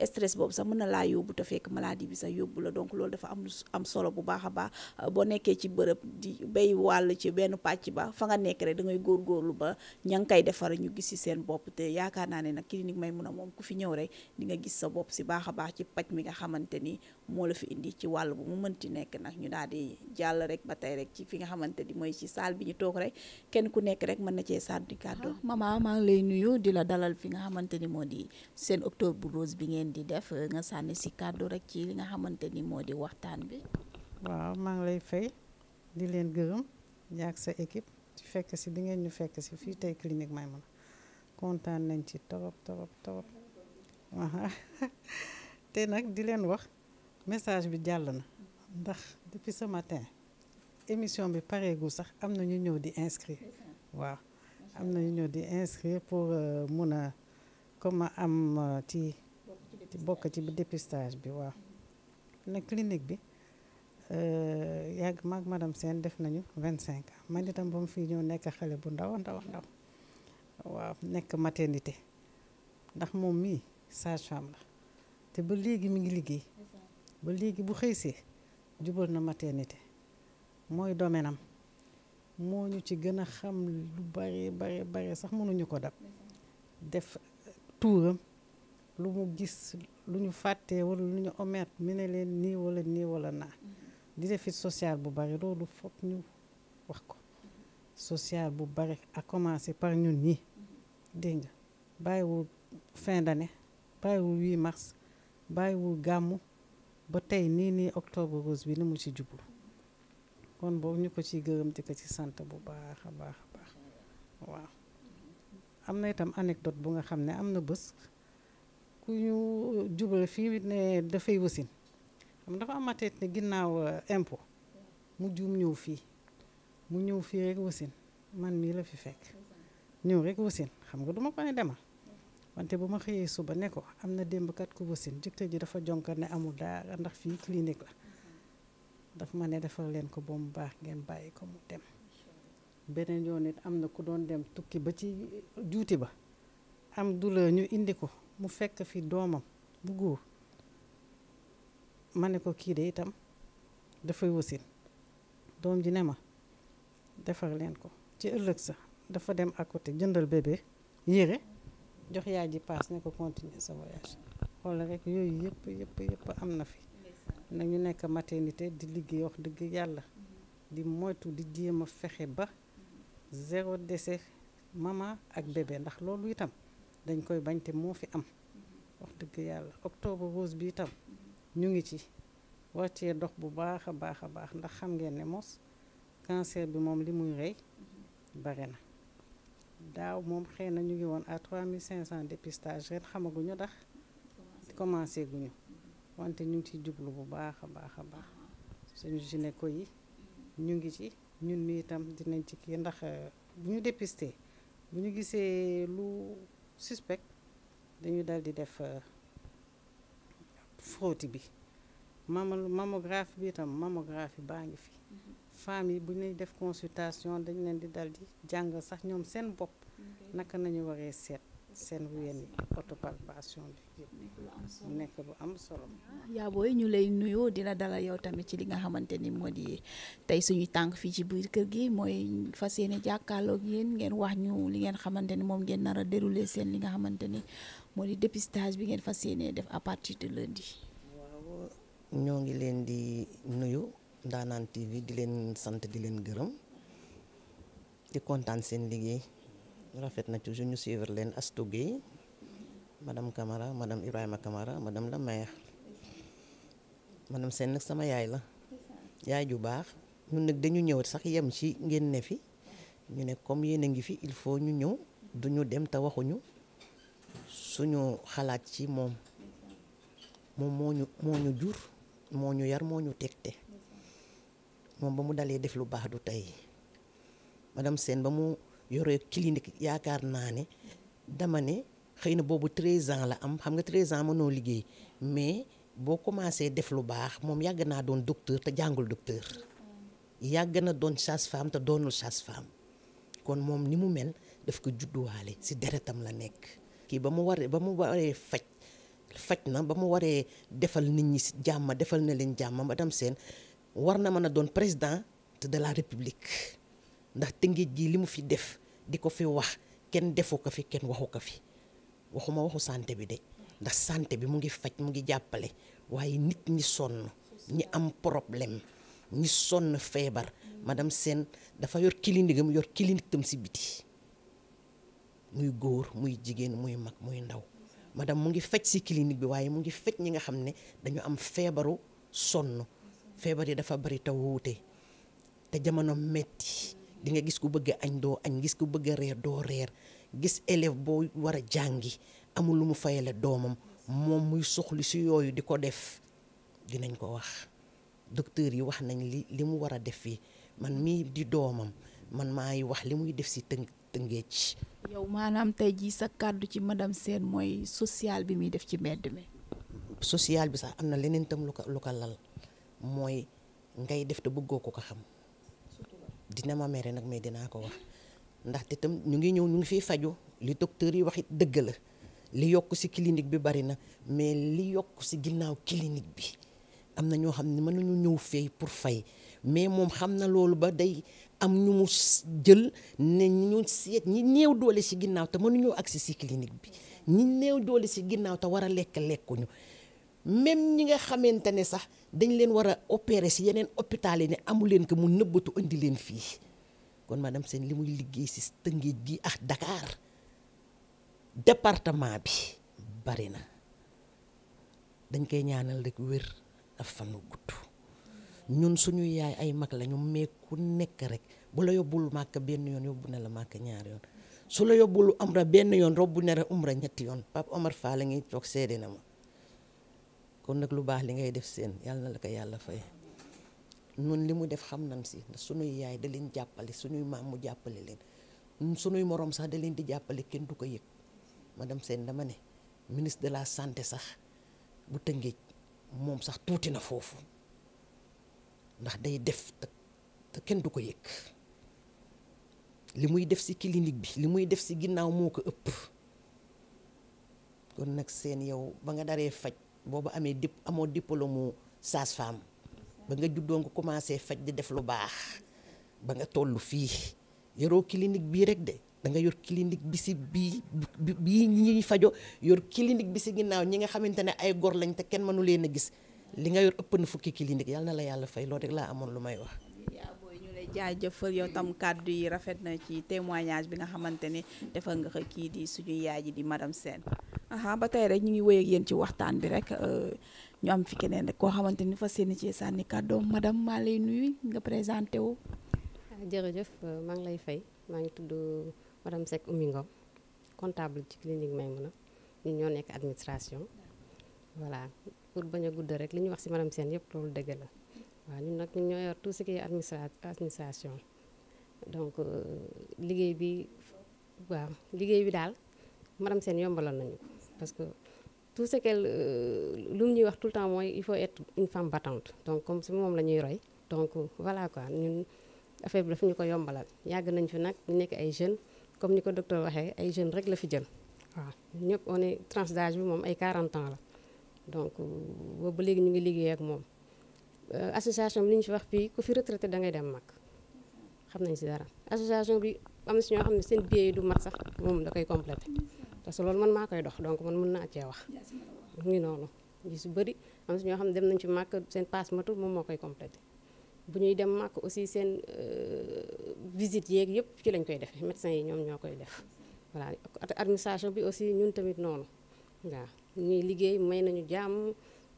S2: stress boobu sax mën na laa yóbbu te fekk maladie bi sax yóbbu la donc loolu dafa am am solo bu baax a baax boo nekkee ci bërëb di béy wàll ci benn pàcc ba fa nga nekk rek da ngay góorgóorlu ba ña ngi koy defar ñu gis si seen bopp te yaakaar naa ne nag may mun a moom ku fi ñëw rek di nga gis sa bopp si baax a baax ci paj mi nga xamante ni moo la fi indi ci wàll bu mu mënti nekk nag ñu daal di jàll rek ba tey rek ci fi nga xamante ni mooy ci saal bi ñu toog rek kenn ku nekk rek mën na cee sàddu kàddu. Ah, mama maa ngi lay nuyu di la dalal fi nga xamante ni moo di seen octobre bu rose bi ngeen di def nga sànni si kàddu rek ci li nga xamante ni moo di waxtaan bi.
S6: waaw maa ngi lay fay di leen gërëm yaak sa équipe ci fekk si bi ngeen ñu fekk si fii tey clinique Maïmouna kontaan nañ ci torop torop torop [LAUGHS] te nag di leen wax. message bi jàll na ndax depuis ce émission bi pareegul sax am na ñu ñëw di inscrire waaw am na ñu ñëw di inscrire pour euh, mun a comment am euh, ci bokk ci dépistage bi waaw na clinique bi euh, yàgg mag madame Sène def nañu vingt cinq ans man itam ba mu fii ñëw nekk xale bu ndaw ndaw ndaw waaw nekk maternité ndax moom mii sage la te ba léegi mi ngi liggéey ba léegi bu xëysee jubal na maternité mooy domaine am moo ñu ci gën a xam lu bare bari bare sax mënuñu ko dab def tuuram lu mu gis lu ñu fàttee wala lu ñu omet mi ne leen nii wala nii wala naa di def it bu bari loolu foog ñu wax ko social bu bari ak commencé par ñun ñii dégg nga bàyyiwul fin d'année bàyyiwul 8 mars bàyyiwul gàmmu ba tey nii nii octobre rose bi ni mu ci jublu kon boobu ñu ko ciy gërëm di ci sant bu baax a baax a baax waaw am na itam anecdote bu nga xam ne am na bës ku ñu jubal fii ne dafay wasin xam dafa amateet ne ginnaaw euh, impôt mu juum ñëw fii mu ñëw fii rek wasin man mii la fi fekk ñëw rek wasin xam nga duma ko ne demal wante bu ma xëyee suba ne ko am na démbkat kat ku basin ji dafa jonkar ne amul daara ndax fii clinique la dafa ma ne defar leen ko ba mu baax ngeen bàyyi ko mu dem beneen yoon it am na ku doon dem tukki ba ci juuti ba am du la ñu indi ko mu fekk fi doomam bu góor ma ne ko kii de itam dafay wasin doom ji ne ma defar leen ko ci ëllëg sa dafa dem à côté jëndal bébé yére jox yaay ji paas ne ko continuer sa voyage xool rekk yooyu yëpp yëpp yëpp am na fi nag ñu nekk maternité di liggéey wax dëgg yàlla di moytu di jéem a fexe ba zéro décès maman ak bébé ndax loolu itam dañ koy bañ te moo fi am wax dëgg yàlla octobre rose bi itam ñu ngi ci war dox bu baax a baax a baax ndax xam ngeen ne mos cancer bi moom li muy rey bare na daaw moom xëy na ñu ngi woon à 3500 dépistage ren xamaguñu ndax commencé guñu wante ñu ngi ciy jublu bu baax a baax a baax suñu gynéco yi ñu ngi ci ñun mi itam dinañ ci kii ndax euh, bu ñu dépisté bu ñu gisee lu suspect dañu dal di def euh, frottis bi mammal mammographie bi itam mammographie baa ngi fi femmes yi bu ñuy def consultation dañ leen di dal di jàngal sax ñoom seen bopp naka nañu waree seet seen ween yi autopalpation bi nekk lu am solo
S2: yaa booy ñu lay nuyoo di la dalal yow tamit ci li nga xamante ni moo di tey suñu tànk fii ci biir kër gi mooy fas yéene jàkkaarloog yéen ngeen wax ñu li ngeen xamante ni moom ngeen nar a dérouler seen li nga xamante ni moo di dépistage bi ngeen fas yéene def à partir de lundi.
S7: ñoo ngi leen di nuyu Ndanane TV di leen sant di leen gërëm di kontaan seen liggéey rafet na toujours ñu suivre leen Astou Gueye madame Camara madame Ibrahima Camara madame la maire madame seen nag sama yaay la yaay ju baax ñun nag dañu ñëw sax yem ci ngeen ne fi ñu ne comme yéen a ngi fi il faut ñu ñëw duñu dem te waxuñu suñu xalaat ci moom moom moo ñu moo ñu jur moo ñu yar moo ñu tegte moom ba mu dalee def lu baax du tey madame Sène ba mu yoree clinique yaakaar naa ne dama ne xëy na boobu 13 ans la am xam nga 13 mënoo liggéey mais boo commencé def lu baax moom yàgg naa doon docteur te jàngul docteur yàgg na doon sage-femme te doonul sage-femme kon moom ni mu mel daf ko judduwaale si deretam la nekk. kii ba mu waree ba mu waree faj faj na ba mu waree defal nit ñi si jàmm defal na leen jàmm madame Sène war na mën a doon président de la république ndax tëngéej gi li mu fi def di ko fi wax kenn defu ko fi kenn waxu ko fi waxuma waxu sante bi de ndax santé bi mu ngi faj mu ngi jàppale waaye nit ñi sonn ñi am problème ñi sonn feebar madame seen dafa yor clinique am yor clinique si biti muy góor muy jigéen muy mag muy ndaw madame mu ngi faj si clinique bi waaye mu ngi faj ñi nga xam ne dañu am feebaru sonn feebar yi dafa bari taw wuute te jamono metti di nga gis ku bëgg añ doo añ gis ku bëgg reer doo reer gis élève boo war a jàngi amul lu mu fayale doomam moom muy soxli si yooyu di ko def dinañ ko wax docteur yi wax nañ li li mu war a def fii man mii di doomam man maay wax li muy def si tëng tëngeej
S2: yow maanaam tey jii sa kàddu ci madame seet mooy social bi muy
S7: def ci mbedd mi social bi sax am na leneen tam lu ko lu ko lal mooy ngay def te buggoo ko ko xam dina ma mere nag mais dinaa ko wax ndaxte tam ñu ngi ñëw ñu ngi fiy faju li docteur yi wax it dëgg la li yokk si clinique bi bari na mais li yokk si ginnaaw clinique bi am na ñoo xam ne mën nañu ñëw fay pour fay mais moom xam na loolu ba day am ñu mu jël ne ñu seet ñi néew doole si ginnaaw te mënuñoo agsi si clinique bi ñi néew doole si ginnaaw te war a lekk lekkuñu même ñi nga xamante ne sax dañ leen war a opérer si yeneen hôpital yi ne amu leen ko mu nëbbatu indi leen fii kon madame seen li muy liggéey si Tëngéej gi ak Dakar département bi bari na dañ koy ñaanal rek wér ak fan wu gudd ñun suñu yaay ay mag lañu mais ku nekk rek bu la yóbbul màkk benn yoon yóbbu na la màkk ñaar yoon su la am umra benn yoon robbu na la umra ñetti yoon Pape Omar Fall la ngi toog seede na ma kon nag lu baax li ngay def seen yàlla na la ko yàlla fay nun li mu def xam nañ si ndax yaay da leen jàppale sunuy maam mu jàppale leen suñuy moroom sax da leen di jàppale kenn du ko yëg madame Sène dama ne ministre de la santé sax bu tëngéej moom sax tuuti na foofu ndax day def te kenn du ko yëg li muy def si clinique bi li muy def si ginnaaw moo ko ëpp kon nag seen yow ba nga daree faj boobu amee dip amoo diplôme mu sage-femme ba nga juddoo nga commencé faj di def lu baax ba nga toll fii yoroo clinique bii rek de da nga yor clinique bi si bii bii ñi fajo yor clinique bi si ginnaaw ñi nga xamante ne ay gor lañ te kenn mënu leen gis li nga yor ëpp na fukki clinique yàlla na la yàlla fay loolu rek laa amoon lu may wax
S2: jaajëfal yow tam kàddu yi rafet na ci témoignage bi nga xamante ne defal nga ko kii di suñu yaay ji di madame Sène aha ba tey rek ñu ngi wéy ak ci waxtaan bi rek euh, ñu am fi keneen rek koo xamante ni fa seen ci sànni kàddoom madam maa lay nuyu nga présenté wu.
S8: Ah, jërëjëf maa ngi lay fay maa ngi tudd madame Seck Oumy Ngom comptable ci clinique Maïmouna ñu ñoo nekk administration voilà pour bañ a gudd rek li ñu wax si madame seen yëpp loolu dëgg la. waa ñun nag ñoo yor tout ce qui est administration donc euh, liggéey bi waaw liggéey bi daal madame Sène yombaloon nañu ko parce que tout ce qu'elle euh, lu mu ñuy wax tout le temps mooy il faut être une femme battante donc comme si moom la ñuy roy donc voilà quoi ñun affaire bi dafa ñu ko yombalal yàgg nañ fi nag ñu nekk ay jeunes comme ni ko docteur waxee ay jeunes rek la fi jël waaw ñëpp on est bi moom ay 40 ans la donc euh, boobu léegi ñu ngi liggéey ak moom Euh, association bi li ñu fi wax fii ku fi retraité da ngay dem mag xam nañ si dara association bi am si ñoo xam ne seen billet yi du mat sax moom da koy complété parce que loolu man maa koy dox donc man mën naa cee wax mu ngi noonu ji su bëri am na si ñoo xam ne dem nañ ci màkk seen passe matu moom moo koy complété bu ñuy dem màkk aussi seen euh, visite yeeg yëpp ci lañ koy defee médecins yi ñoom ñoo koy def voilà administration bi aussi ñun tamit noonu waaw ñuy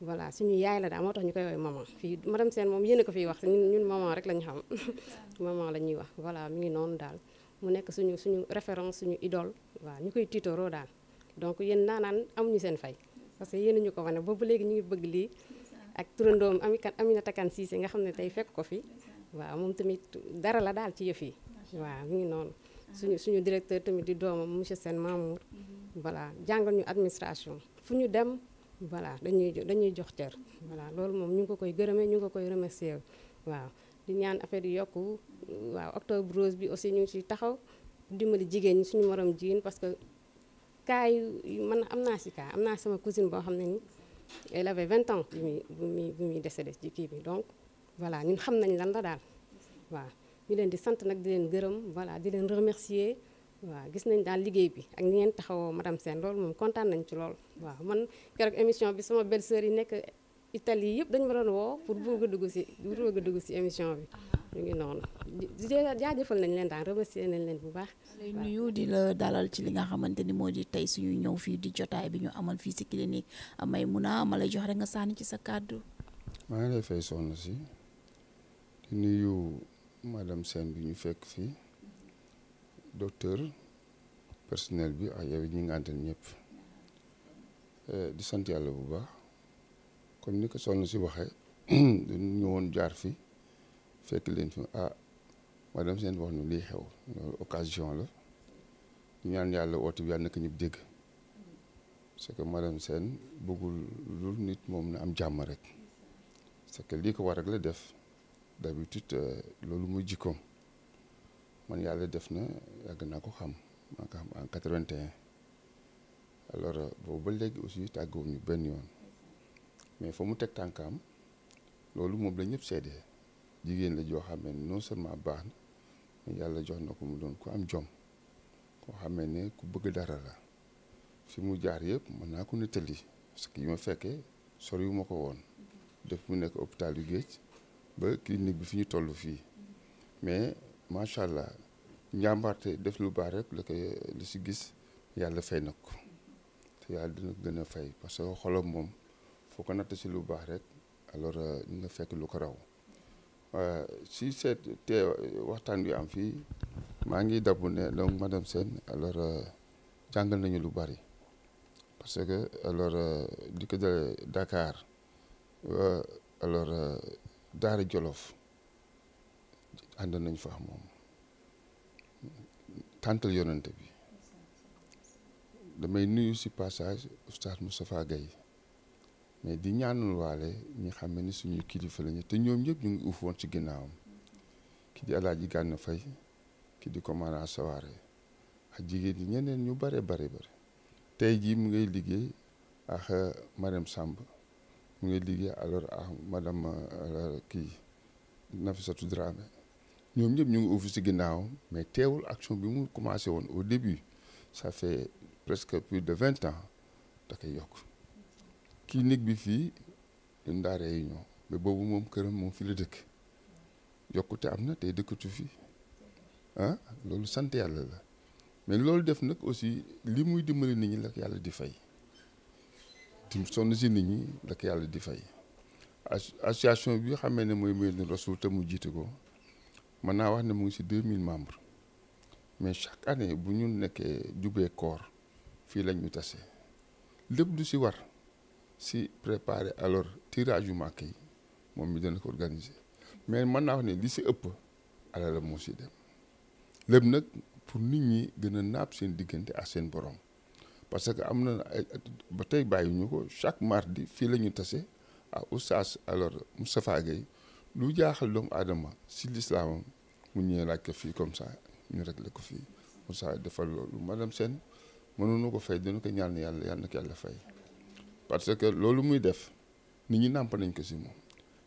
S8: voilà suñu yaay la daal moo tax ñu koy woowee maman fii madame Sène moom yéen a ko fiy wax ñun ñun maman rek [LAUGHS] la ñuy wax voilà mi ngi noonu daal mu nekk suñu suñu référence suñu idole waaw ñu koy tiitoroo daal donc yéen naanaan amuñu seen fay parce que yéen ñu ko wane ba ba léegi ñu ngi bëgg lii ak turandoom ami kan Aminata Kane Cissé nga xam ne tey fekk ko fi waaw moom tamit dara la daal ci yëf yi waaw mu ngi noonu
S6: ah. suñu
S8: suñu directeur tamit di doomam monsieur seen Mamour mhm. voilà jàngal ñu administration fu ñu dem voilà dañuy dañuy jox cër voilà loolu moom ñu ngi ko koy gërëmee ñu ngi ko koy remercier waaw di ñaan affaire yi yokku waaw octobre rose bi aussi ñu ngi ciy taxaw dimbali jigéen ñi suñu morom jigéen parce que cas yu man am naa si cas am naa sama cousine boo xam ne ni elle avait 20 ans bi muy bi muy bi muy décédé ci kii bi donc voilà ñu xam nañ lan la daal waaw ñu leen di sant nag di leen gërëm voilà di leen remercier waaw gis nañ daal liggéey bi ak ni ngeen taxawoo madame Sène loolu moom kontaan nañ ci lool waaw man keroog émission bi sama belle sœur yi nekk Italie yëpp dañu ma doon woo pour bëgg a dugg si bëgg a dugg si émission bi ñu ngi noonu jaajëfal nañ leen daal remercier nañ leen bu baax lay nuyu di la
S2: dalal ci li nga xamante ni moo di tey suñu ñëw fii di jotaay bi ñu amal fii si clinique Maimouna ma lay jox rek nga sànni ci sa kàddu
S9: maa ngi lay fay soxna si di nuyu bi ñu fekk fii docteur personnel bi ak yow nga àndal ñëpp eh, di sant yàlla bu baax kon ni ko soxna si waxee [CLEARS THROAT] dañu ñëwoon jaar fi fekk leen fi ah seen wax nu lii xew loolu occasion la ñaan yàlla woote bi yàlla na ko dégg parce que madame seen bëggul lu nit moom na am jàmm rek parce que lii ko war rek la def d'habitude euh, loolu muy jikkoom man yàlla def na yàgg naa ko xam maa ko xam en 81 alors boobu ba léegi aussi tàgguwuñu benn yoon mais fa mu teg tànkam loolu moom la ñëpp seede jigéen la joo xam ne non seulement baax na mais yàlla jox na ko mu doon ku am jom koo xamee ne ku bëgg dara la fi mu jaar yëpp mën naa ko nettali parce que yi ma fekkee soriwu ko woon def mu nekk hôpital yu géej ba clinique bi fi ñu toll fii mais. macha allah njàmbaarte def lu baax rek la ko la si gis yàlla fay na ko te yàlla dina gën a fay parce que xolam moom foo ko natt si lu baax rek alors ñu euh, nga fekk lu ko raw euh, si seet te waxtaan bi am fii maa ngi dabu ne donc madame seen alors euh, jàngal nañu lu bari parce que alors di ko dalee Dakar alors Daara Jolof. àndoon nañu fa moom tàntal yonante bi damay nuyu si passage oustaz Moustapha Gaye mais di ñaanul waale ñi xam ne ni suñu kilifa lañu te ñoom ñëpp ñu ngi uuf woon ci ginnaawam ki di alaaji gànn fay ki di commandant sawaare ak jigéen ñi ñeneen ñu bare bare bare tey jii mu ngay liggéey ak Marem Samb mu ngay liggéey alors ak madame euh, kii Nafisatou Dramé ñoom ñëpp ñu ngi oeuvre ci ginnaawam mais teewul action bi mu commencé woon au début ça fait presque plus de vingt ans da koy yokk clinique bi fii dañ daa réunion mais boobu moom këram moom fi la dëkk yokkute am na tey dëkkatu fii ah loolu sant yàlla la mais loolu def nag aussi li muy dimbali nit ñi la ko yàlla di fay di sonn si nit ñi la ko yàlla di fay association bi xamee ne mooy Mouyenoul Rassoul te mu jiite ko mën naa wax ne mu ngi si 2000 membre mais chaque année bu ñu nekkee jubee koor fii lañ ñu tase lépp du si war si préparer alors tirage yu màkk yi moom mi dana ko mais mën naa wax ne li si ëpp alalam moo si dem lépp nag pour nit ñi gën a naab seen diggante ak seen borom parce que am na ba tey bàyyi ñu ko chaque di fii la ñu tase ah oustaz alors Moustapha Gueye lu jaaxal doomu aadama si lislaamam mu ñëwee laaj ko fii comme ça ñu réglé ko fii Moussa defal loolu seen Sène mënoonu ko fay dina ko ñaan yàlla yàlla na ko yàlla fay parce que loolu muy def nit ñi nàmp nañ ko si moom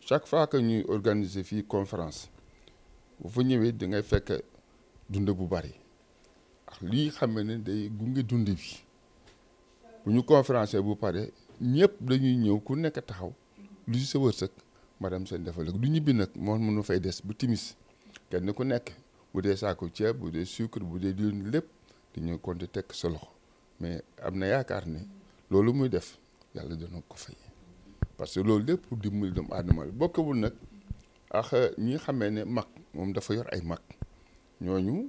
S9: chaque fois que ñuy organiser fii conférence bu fa ñëwee da fekk dund bu bari ak lii xam ne day gunge dund bi bu ñu conférencier bu pare ñëpp dañuy ñëw ku nekk taxaw lu si sa madame seen defal ko du ñibbi nag moo mënu fay des bu timis kenn ku nekk bu dee saako ceeb bu dee sucre bu dee diwlin lépp dañuy compter tekk sa loxo mais am na yaakaar ne loolu muy def yàlla dana ko fay parce que loolu lépp pour dimbali doomu aadama la bokkewul nag ak ñii xamee ne mag moom dafa yor ay mag ñooñu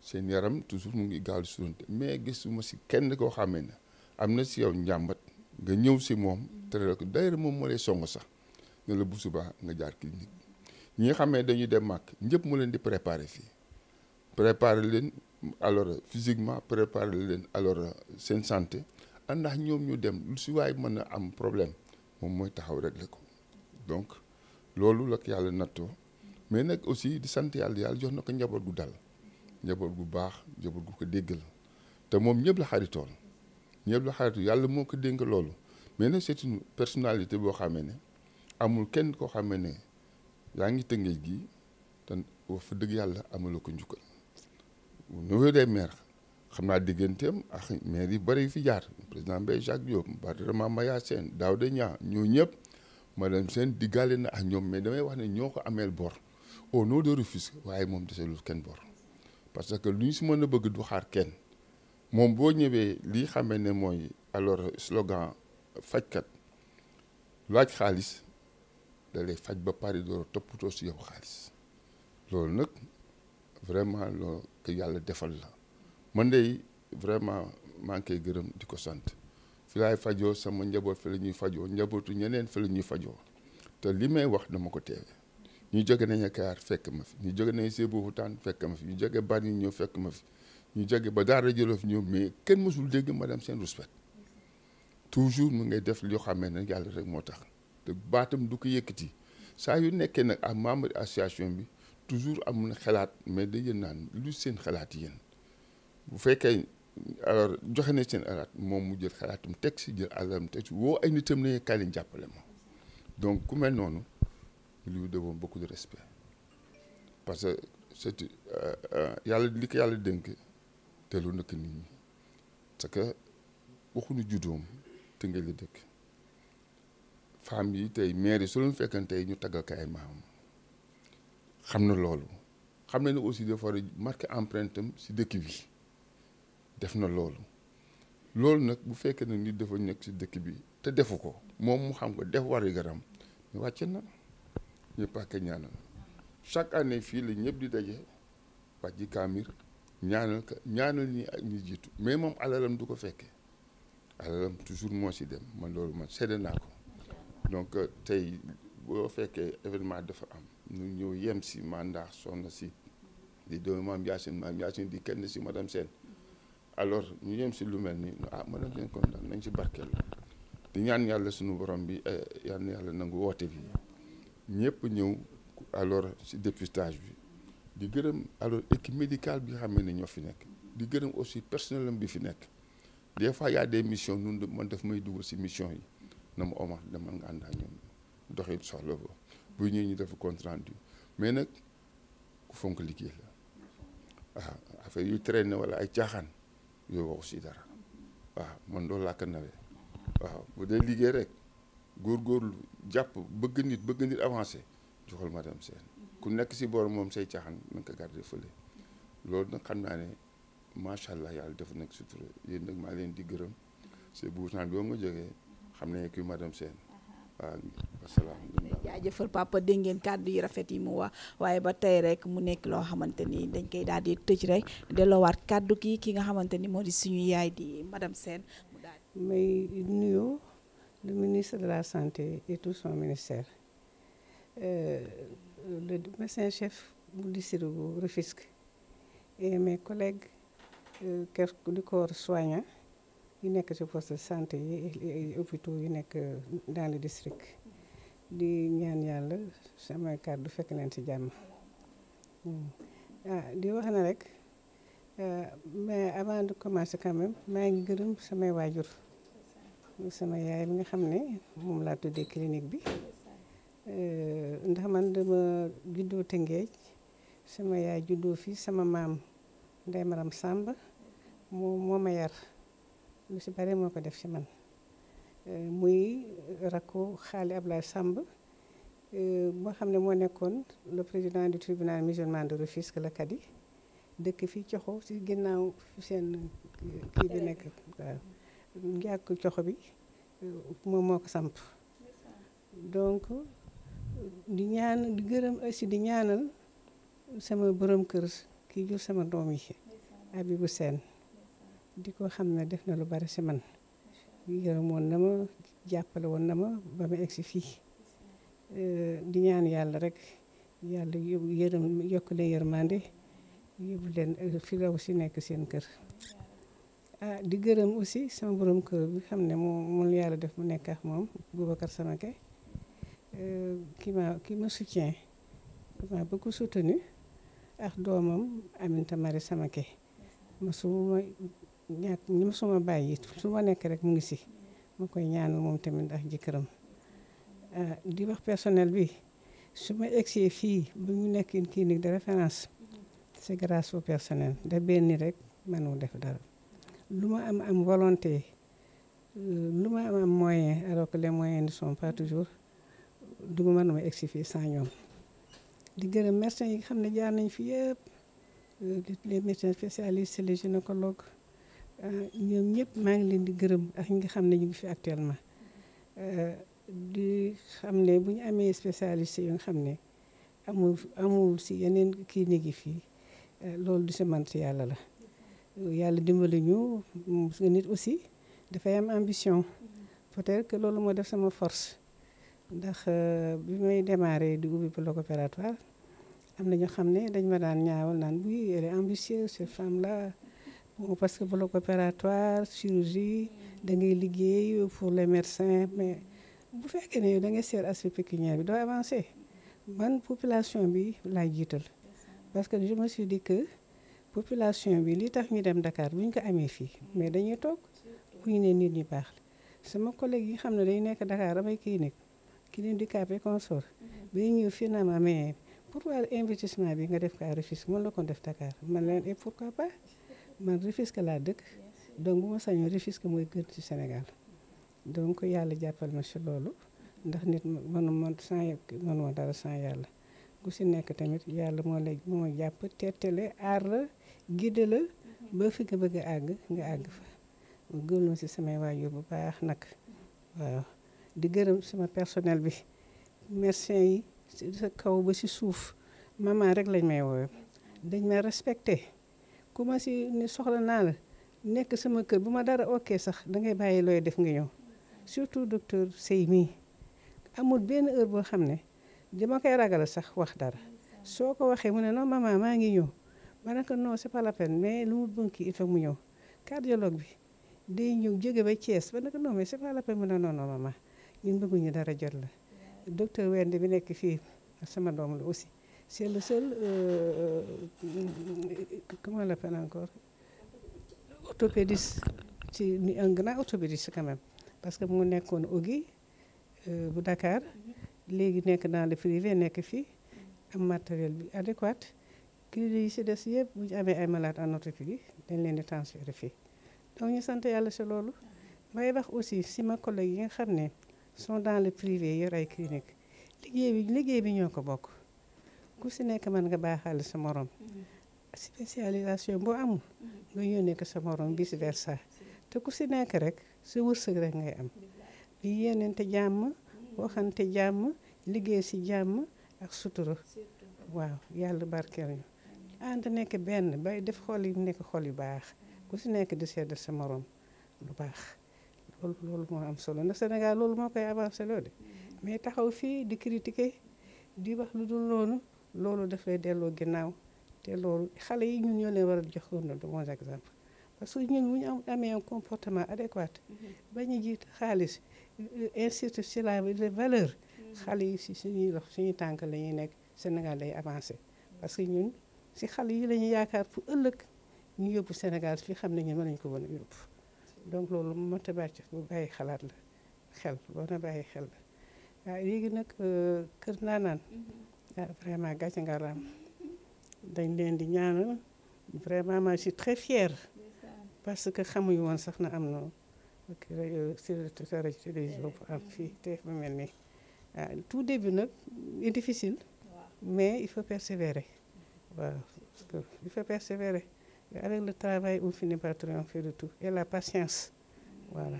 S9: seen yaram toujours mu ngi gaalu surunte mais gis gisuma si kenn koo xamee ne am na si yow njàmbat nga ñëw si moom tere ko d'ailleurs moom lay song sax ne la bu subaa nga jaar clinique ñu nga xam ne dañuy dem màkk ñëpp mu leen di préparer fii préparer leen alors physiquement préparer leen alors seen santé ah, ndax ñoom ñu dem lu si waay mën a am problème moom mooy taxaw rek régler ko donc loolu la yàlla nattoo mais nag aussi di sant yàlla yàlla jox na ko njaboot gu dal njaboot gu baax njaboot gu ko déggal te moom ñëpp la xaritoon ñëpp la xaritu yàlla moo ko dénk loolu mais nag c'est une personnalité boo xamee ne amul kenn koo xam ne yaa ngi tëngéej gi te wax fa dëgg yàlla amuloo ko njukkal nouveau des maires xam naa digganteem ak maire yi bëri fi jaar président Mbaye Jacques ma Barthélemy Maya Sène Daouda Niang ñoo ñëpp madame Sène diggaale na ak ñoom mais damay wax ne ñoo ko ameel bor au nom de Rufisque waaye moom deselul kenn bor parce que lu ñu si mën a bëgg du xaar kenn moom boo ñëwee lii xamee ne mooy alors slogan fajkat laaj xaalis da faj ba pare door toppatoo si yow xaalis loolu nag vraiment loo ko yàlla defal la man de vraiment maa ngi koy gërëm di ko sant fi laay fajoo sama njaboot fi la ñuy fajoo njabootu ñeneen fi la ñuy fajoo te lii may wax dama ko teewee ñu jóge nañu Kayaar fekk ma fi ñu jóge nañu Sébikotane fekk ma fi ñu jóge Bargny ñëw fekk ma fi ñu jóge ba Daara Jolof ñëw mais kenn mësul dégg madame Sène Rouspète toujours mu ngay def loo xamee ne yàlla rek moo tax te baatam du ko yëkkati saa yu nekkee nag ak membre association bi toujours amul xalaat mais da yéen naan lu seen xalaat yéen bu fekkee alors joxe na seen xalaat moom mu jël xalaatum teg si jël alalam teg si woo ay nitam nañu kaay leen jàppale ma donc ku mel noonu lui devons beaucoup de respect parce que c'est euh, euh, yàlla li ko yàlla dénk te lu nekk nit ñi parce que waxuñu juddoom te nga la dëkk femmes yi tey maire yi su leen fekkee tey ñu taggal ko ay maam xam na loolu xam na ne aussi dafa war a marqué empreinte am si dëkk bi def na loolu loolu nag bu fekkee ne nit dafa nekk si dëkk bi te defu ko moom mu xam ko def war garam ñu wàcc na ñëpp ak ñaanal chaque année fii la ñëpp di daje wàcc ji kaamir ñaanal ka ñaanal ñi ak ñi jiitu mais moom alalam du ko fekkee alalam toujours moo si dem man loolu man sedde naa ko donc euh, tey boo fekkee événement dafa am ñu ñëw yem si mandat soxna si di doomu maam Yacine maam Yacine di kenn si madame Sène alors ñu yem si lu mel ni ah madame Sène kon nañ si barkeel di ñaan yàlla suñu borom bi eh, yal na yàlla nangu woote bi ñëpp ñëw alors si dépistage bi di gërëm alors équipe médical bi nga xam ne ñoo fi nekk di gërëm aussi personnel am bi fi nekk des fois y a des missions ñun man daf may dugal si mission yi na ma Omar demal nga ànd ak ñoom doxit soxla ba bu ñëwee ñu def compte rendu mais nag ku fonk liggéey la waaw ah, affaire yu traîné wala ay caaxaan yooyu waxu si dara waaw ah, man loolu laa ko nawee waaw ah, bu dee liggéey rek góor góorgóorlu jàpp bëgg nit bëgg nit avancé joxal ma dem seen ku nekk si boor moom say caaxaan na nga ko garder fële loolu nag xam naa ne macha allah yàlla def nag sutura yéen nag maa leen di gërëm c'est boutan bi moom nga jógee xam ne kii madame Sène waaw asalaamaaleykum
S2: jaajëfal papa dégg ngeen kàddu yi rafet yi mu wax waaye ba tey rek mu nekk loo xamante ni dañ koy daal di tëj rek delloowaat kàddu gi ki nga xamante ni moo di suñu yaay di madame Sène mu daal may nuyo
S3: le ministre de la santé et tout son ministère euh, le médecin chef bu district bu Rufisque mes collègues euh, du corps soignant yu nekk ci poste de santé yi hôpitaux yu nekk dans le district di ñaan yàlla sama kàddu fekk leen ci jàmm ah di wax na rek ah, mais avant de commencé quand même maa ngi gërëm samay waajur sama yaay bi nga xam ne moom laa tuddee clinique bi eh, ndax man dama juddoo Tëngéej sama yaay juddoo fii sama maam Ndeye Maram Samba moo moo ma yar lu si bare moo ko def si man euh, muy rakku xaali Ablaye Samb euh, moo xam ne moo nekkoon le président du tribunal musulman de Rufisque la Kadi dëkk fii coxo si ginnaaw seen euh, kii bi nekk waaw njàkk coxo bi moom moo ko samp donc di ñaan di gërëm aussi di ñaanal sama borom kër ki jur sama doom yi Abibou Sène di ko xam ne def na lu bari si man yërëm woon na ma jàppale woon na ma ba ma si fii euh, di ñaan yàlla rek yàlla yóbbu yërëm yokk leen yërmande yóbbu leen euh, fi raw si nekk seen kër ah di gërëm aussi sama borom kër xam ne moom moom yàlla def mu nekk ak moom Boubacar Samake euh, ki ma ki ma soutien ak doomam Aminata ma su ma ñaat ñu suma bàyyi su ma nekk rek mu ngi si ma koy ñaan moom tamit ndax jëkkëram ah, di wax personnel bi su ma egsee fii ba mu nekk une clinique de référence c'est grâce au personnel da benn rek mënu def dara lu ma am am volonté euh, lu ma am am moyen alors que les moyen ne sont pas toujours du ma mën ma egsi fii sans ñoom di gërëm médecins yi nga xam ne jaar nañ fi yëpp euh, les médecins spécialistes les gynécologues Euh, ñoom ñëpp maa ngi leen di gërëm ak ñi nga xam ne ñu ngi fi actuellement euh, di xam ne bu ñu amee spécialiste yu nga xam ne amul amul si yeneen clinique yi fii euh, loolu du si man si yàlla la yàlla dimbali ñu parce que nit aussi dafay am ambition peut-être que loolu moo def sama force ndax bi may démarré di ubbi bloc opératoire am na ñoo xam ne dañ ma daan ñaawal naan buy elle est ambitieuse cette femme là parce que bloc opératoire chirurgie da ngay liggéey pour les médecins mais bu fekke ne da ngay seet aspect pécuniaire bi doo avancé man population bi laay jiital parce que je me suis population bi li tax ñu dem Dakar bu ko amee fii mais dañuy toog bu ñu ne nit ñi baax sama collègue yi xam ne dañu nekk Dakar kii clinique clinique du di et consort ba ñëw finalement mais pourquoi investissement bi nga def ko à Rufisque mën def Dakar man leen et pourquoi pas man Rufisque laa dëkk donc bu ma sañoon Rufisque mooy gën ci Sénégal donc yàlla jàppal ma si loolu ndax nit manu man sans manu ma dara sans yàlla ku si nekk tamit yàlla moo lay moo jàpp teetale aar la gidde la ba fi nga bëgg a àgg nga àgg fa gëlloon si samay waajur bu baax nag waaw di gërëm sama personnel bi médecin yi sa kaw ba si suuf maman rek lañ may woowee dañ ma respecté ku ma si ni soxla naa la nekk sama kër bu ma dara okkee sax dangay bàyyi looy def nga ñëw surtout docteur Sey mii amul benn heure boo xam ne dama koy ragal sax wax dara soo ko waxee mu ne non maman maa ngi ñëw ma ne ko non c'est pas mais lu mu bënk mu ñëw cardiologue bi day ñëw jóge ba Thiès ma ne ko non mais c'est pas la peine mu ne non non maman ñun bëgguñu dara jot la docteur Wende bi nekk fii sama doom la aussi. c'est le seul euh, comment on l'appelle encore orthopédiste ci parce que mu nekkoon augi euh, bu Dakar léegi nekk dans le privé nekk fii am matériel bi adéquat clinique yi si des yëpp bu amee ay malade dañ leen di transféré fii donc ñu sant yàlla si loolu may wax aussi si ma collègue yi nga xam ne sont dans le privé yor ay clinique liggéey bi liggéey bi ñoo ko bokk ku si nekk man nga baaxal sa morom mm-hmm. spécialisation boo amul mm-hmm. nga yónnee ko sa morom vice versa mm-hmm. te ku si nekk rek si wërsëg rek ngay am di yéenante jàmm waxante jàmm liggéey si jàmm ak sutura waaw yàlla barkeel ñu ànd nekk benn bay def xol yi nekk xol yu baax ku si nekk di seddal sa morom lu baax loolu loolu moo am solo ndax Sénégal loolu moo koy avancé loolu mais taxaw fii di critiquer di wax lu dul loolu loolu daf lay delloo ginnaaw te loolu xale yi ñun ñoo leen war a jox de bons exemples parce que ñun bu ñu am amee un comportement adéquat mhm. ba ñu jiit xaalis insiste ci la valeur mhm. xale yi si suñuy lox suñuy tànk la nekk Sénégal day avancé parce que ñun si xale yi lañuy yaakaar fu ëllëg ñu yóbbu Sénégal fii xam nañu ñun mën ko mën a yóbbu donc loolu mënta bàcc bu bàyyi xalaat la xel loo na bàyyi xel la waaye léegi nag euh, kër naanaan mhm. Ah, vraiment gàcce ngalaam dañ leen di ñaanal vraiment ma je suis très fière parce que xamuñu woon sax na am na sa rajo télévision ah, bu am fii te mu mel nii ah tout début nag est mais il faut persévérer waaw parce que il faut persévérer avec le travail on finit par triompher de tout et la patience voilà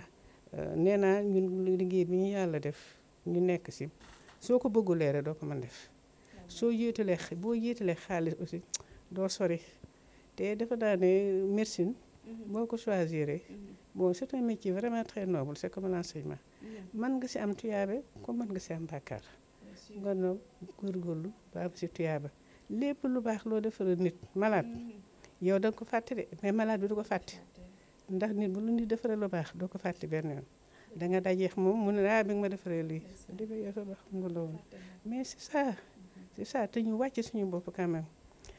S3: euh, nee naa ñun liggéey bi ñu yàlla def ñu nekk si soo ko bëggulee rek doo ko man def soo yéetalee boo yéetalee xaalis aussi doo sori te dafa daa ne médecine mhm. boo ko choisir mhm. bon c'est un métier vraiment très noble c'est comme l'enseignement mën nga si am tuyaabe ko mën nga si am bàkkaar nga noo góorgóorlu ba am si tuyaaba lépp lu baax loo defaral nit malade mhm. yow da ko fàtte de mais malade bi du ko fàtte ndax nit bu lu nit defaree lu baax doo ko fàtte benn yoon da nga dajeex moom mu ne ah bi nga ma defaree lii di ba mais c'est ça c'est ça te ñu wàcc suñu bopp quand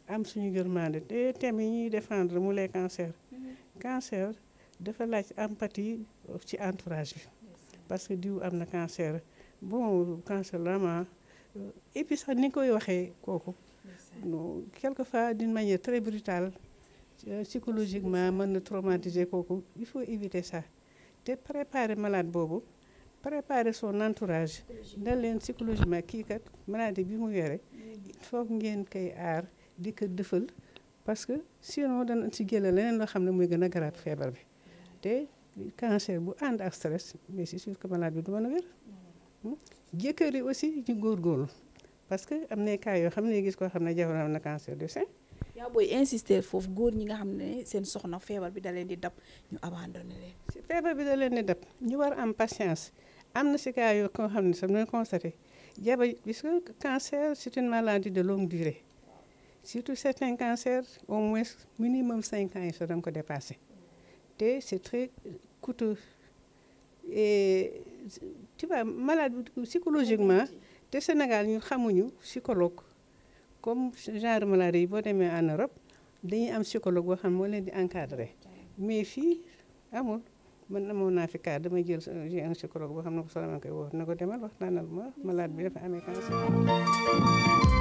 S3: am suñu gërmande te thème yi ñuy défendre mu lay cancer mm-hmm. cancer dafa laaj empathie ci entourage bi parce que diw am na cancer bon cancer vraiment et puis sax ni koy waxee kooku quelquefois d'une manière très brutale euh, psychologiquement mën na traumatiser kooku il faut éviter ça te préparer malade boobu préparer son entourage ne leen psychologiquement kii kat maladie bi mu yore il faut ngeen koy aar di ko dëfal parce que sinon dana si génne leneen loo xam ne muy gën a garaat feebar bi te cancer bu ànd ak stress mais c'est sûr que bi du mën a wér. jëkkër yi aussi ñu góorgóorlu parce que am na cas yoo xam ne gis koo xam ne jabaram na cancer du sein.
S2: yaa booy insister foofu góor ñi nga xam ne seen soxna feebar bi da leen di dab ñu abandonné leen. feebar bi da leen di
S3: ñu war am patience. am na si cas yoo ko xam ne sax nooy constaté jabar puisque cancer c'est une maladie de longue durée surtout certains cancers au moins minimum cinq ans yi soo doon ko dépassé te c'est très coûteux et tu vois psychologiquement te Sénégal ñu xamuñu psychologue comme genre maladie yi boo demee en Europe dañuy am psychologue boo xam moo leen di encadrer mais fii man amoon naa fi cas damay jël j'ai un psychologue boo xam ne ko solo ma koy woo na ko demal waxtaanal ma malaat bi dafa amee cancer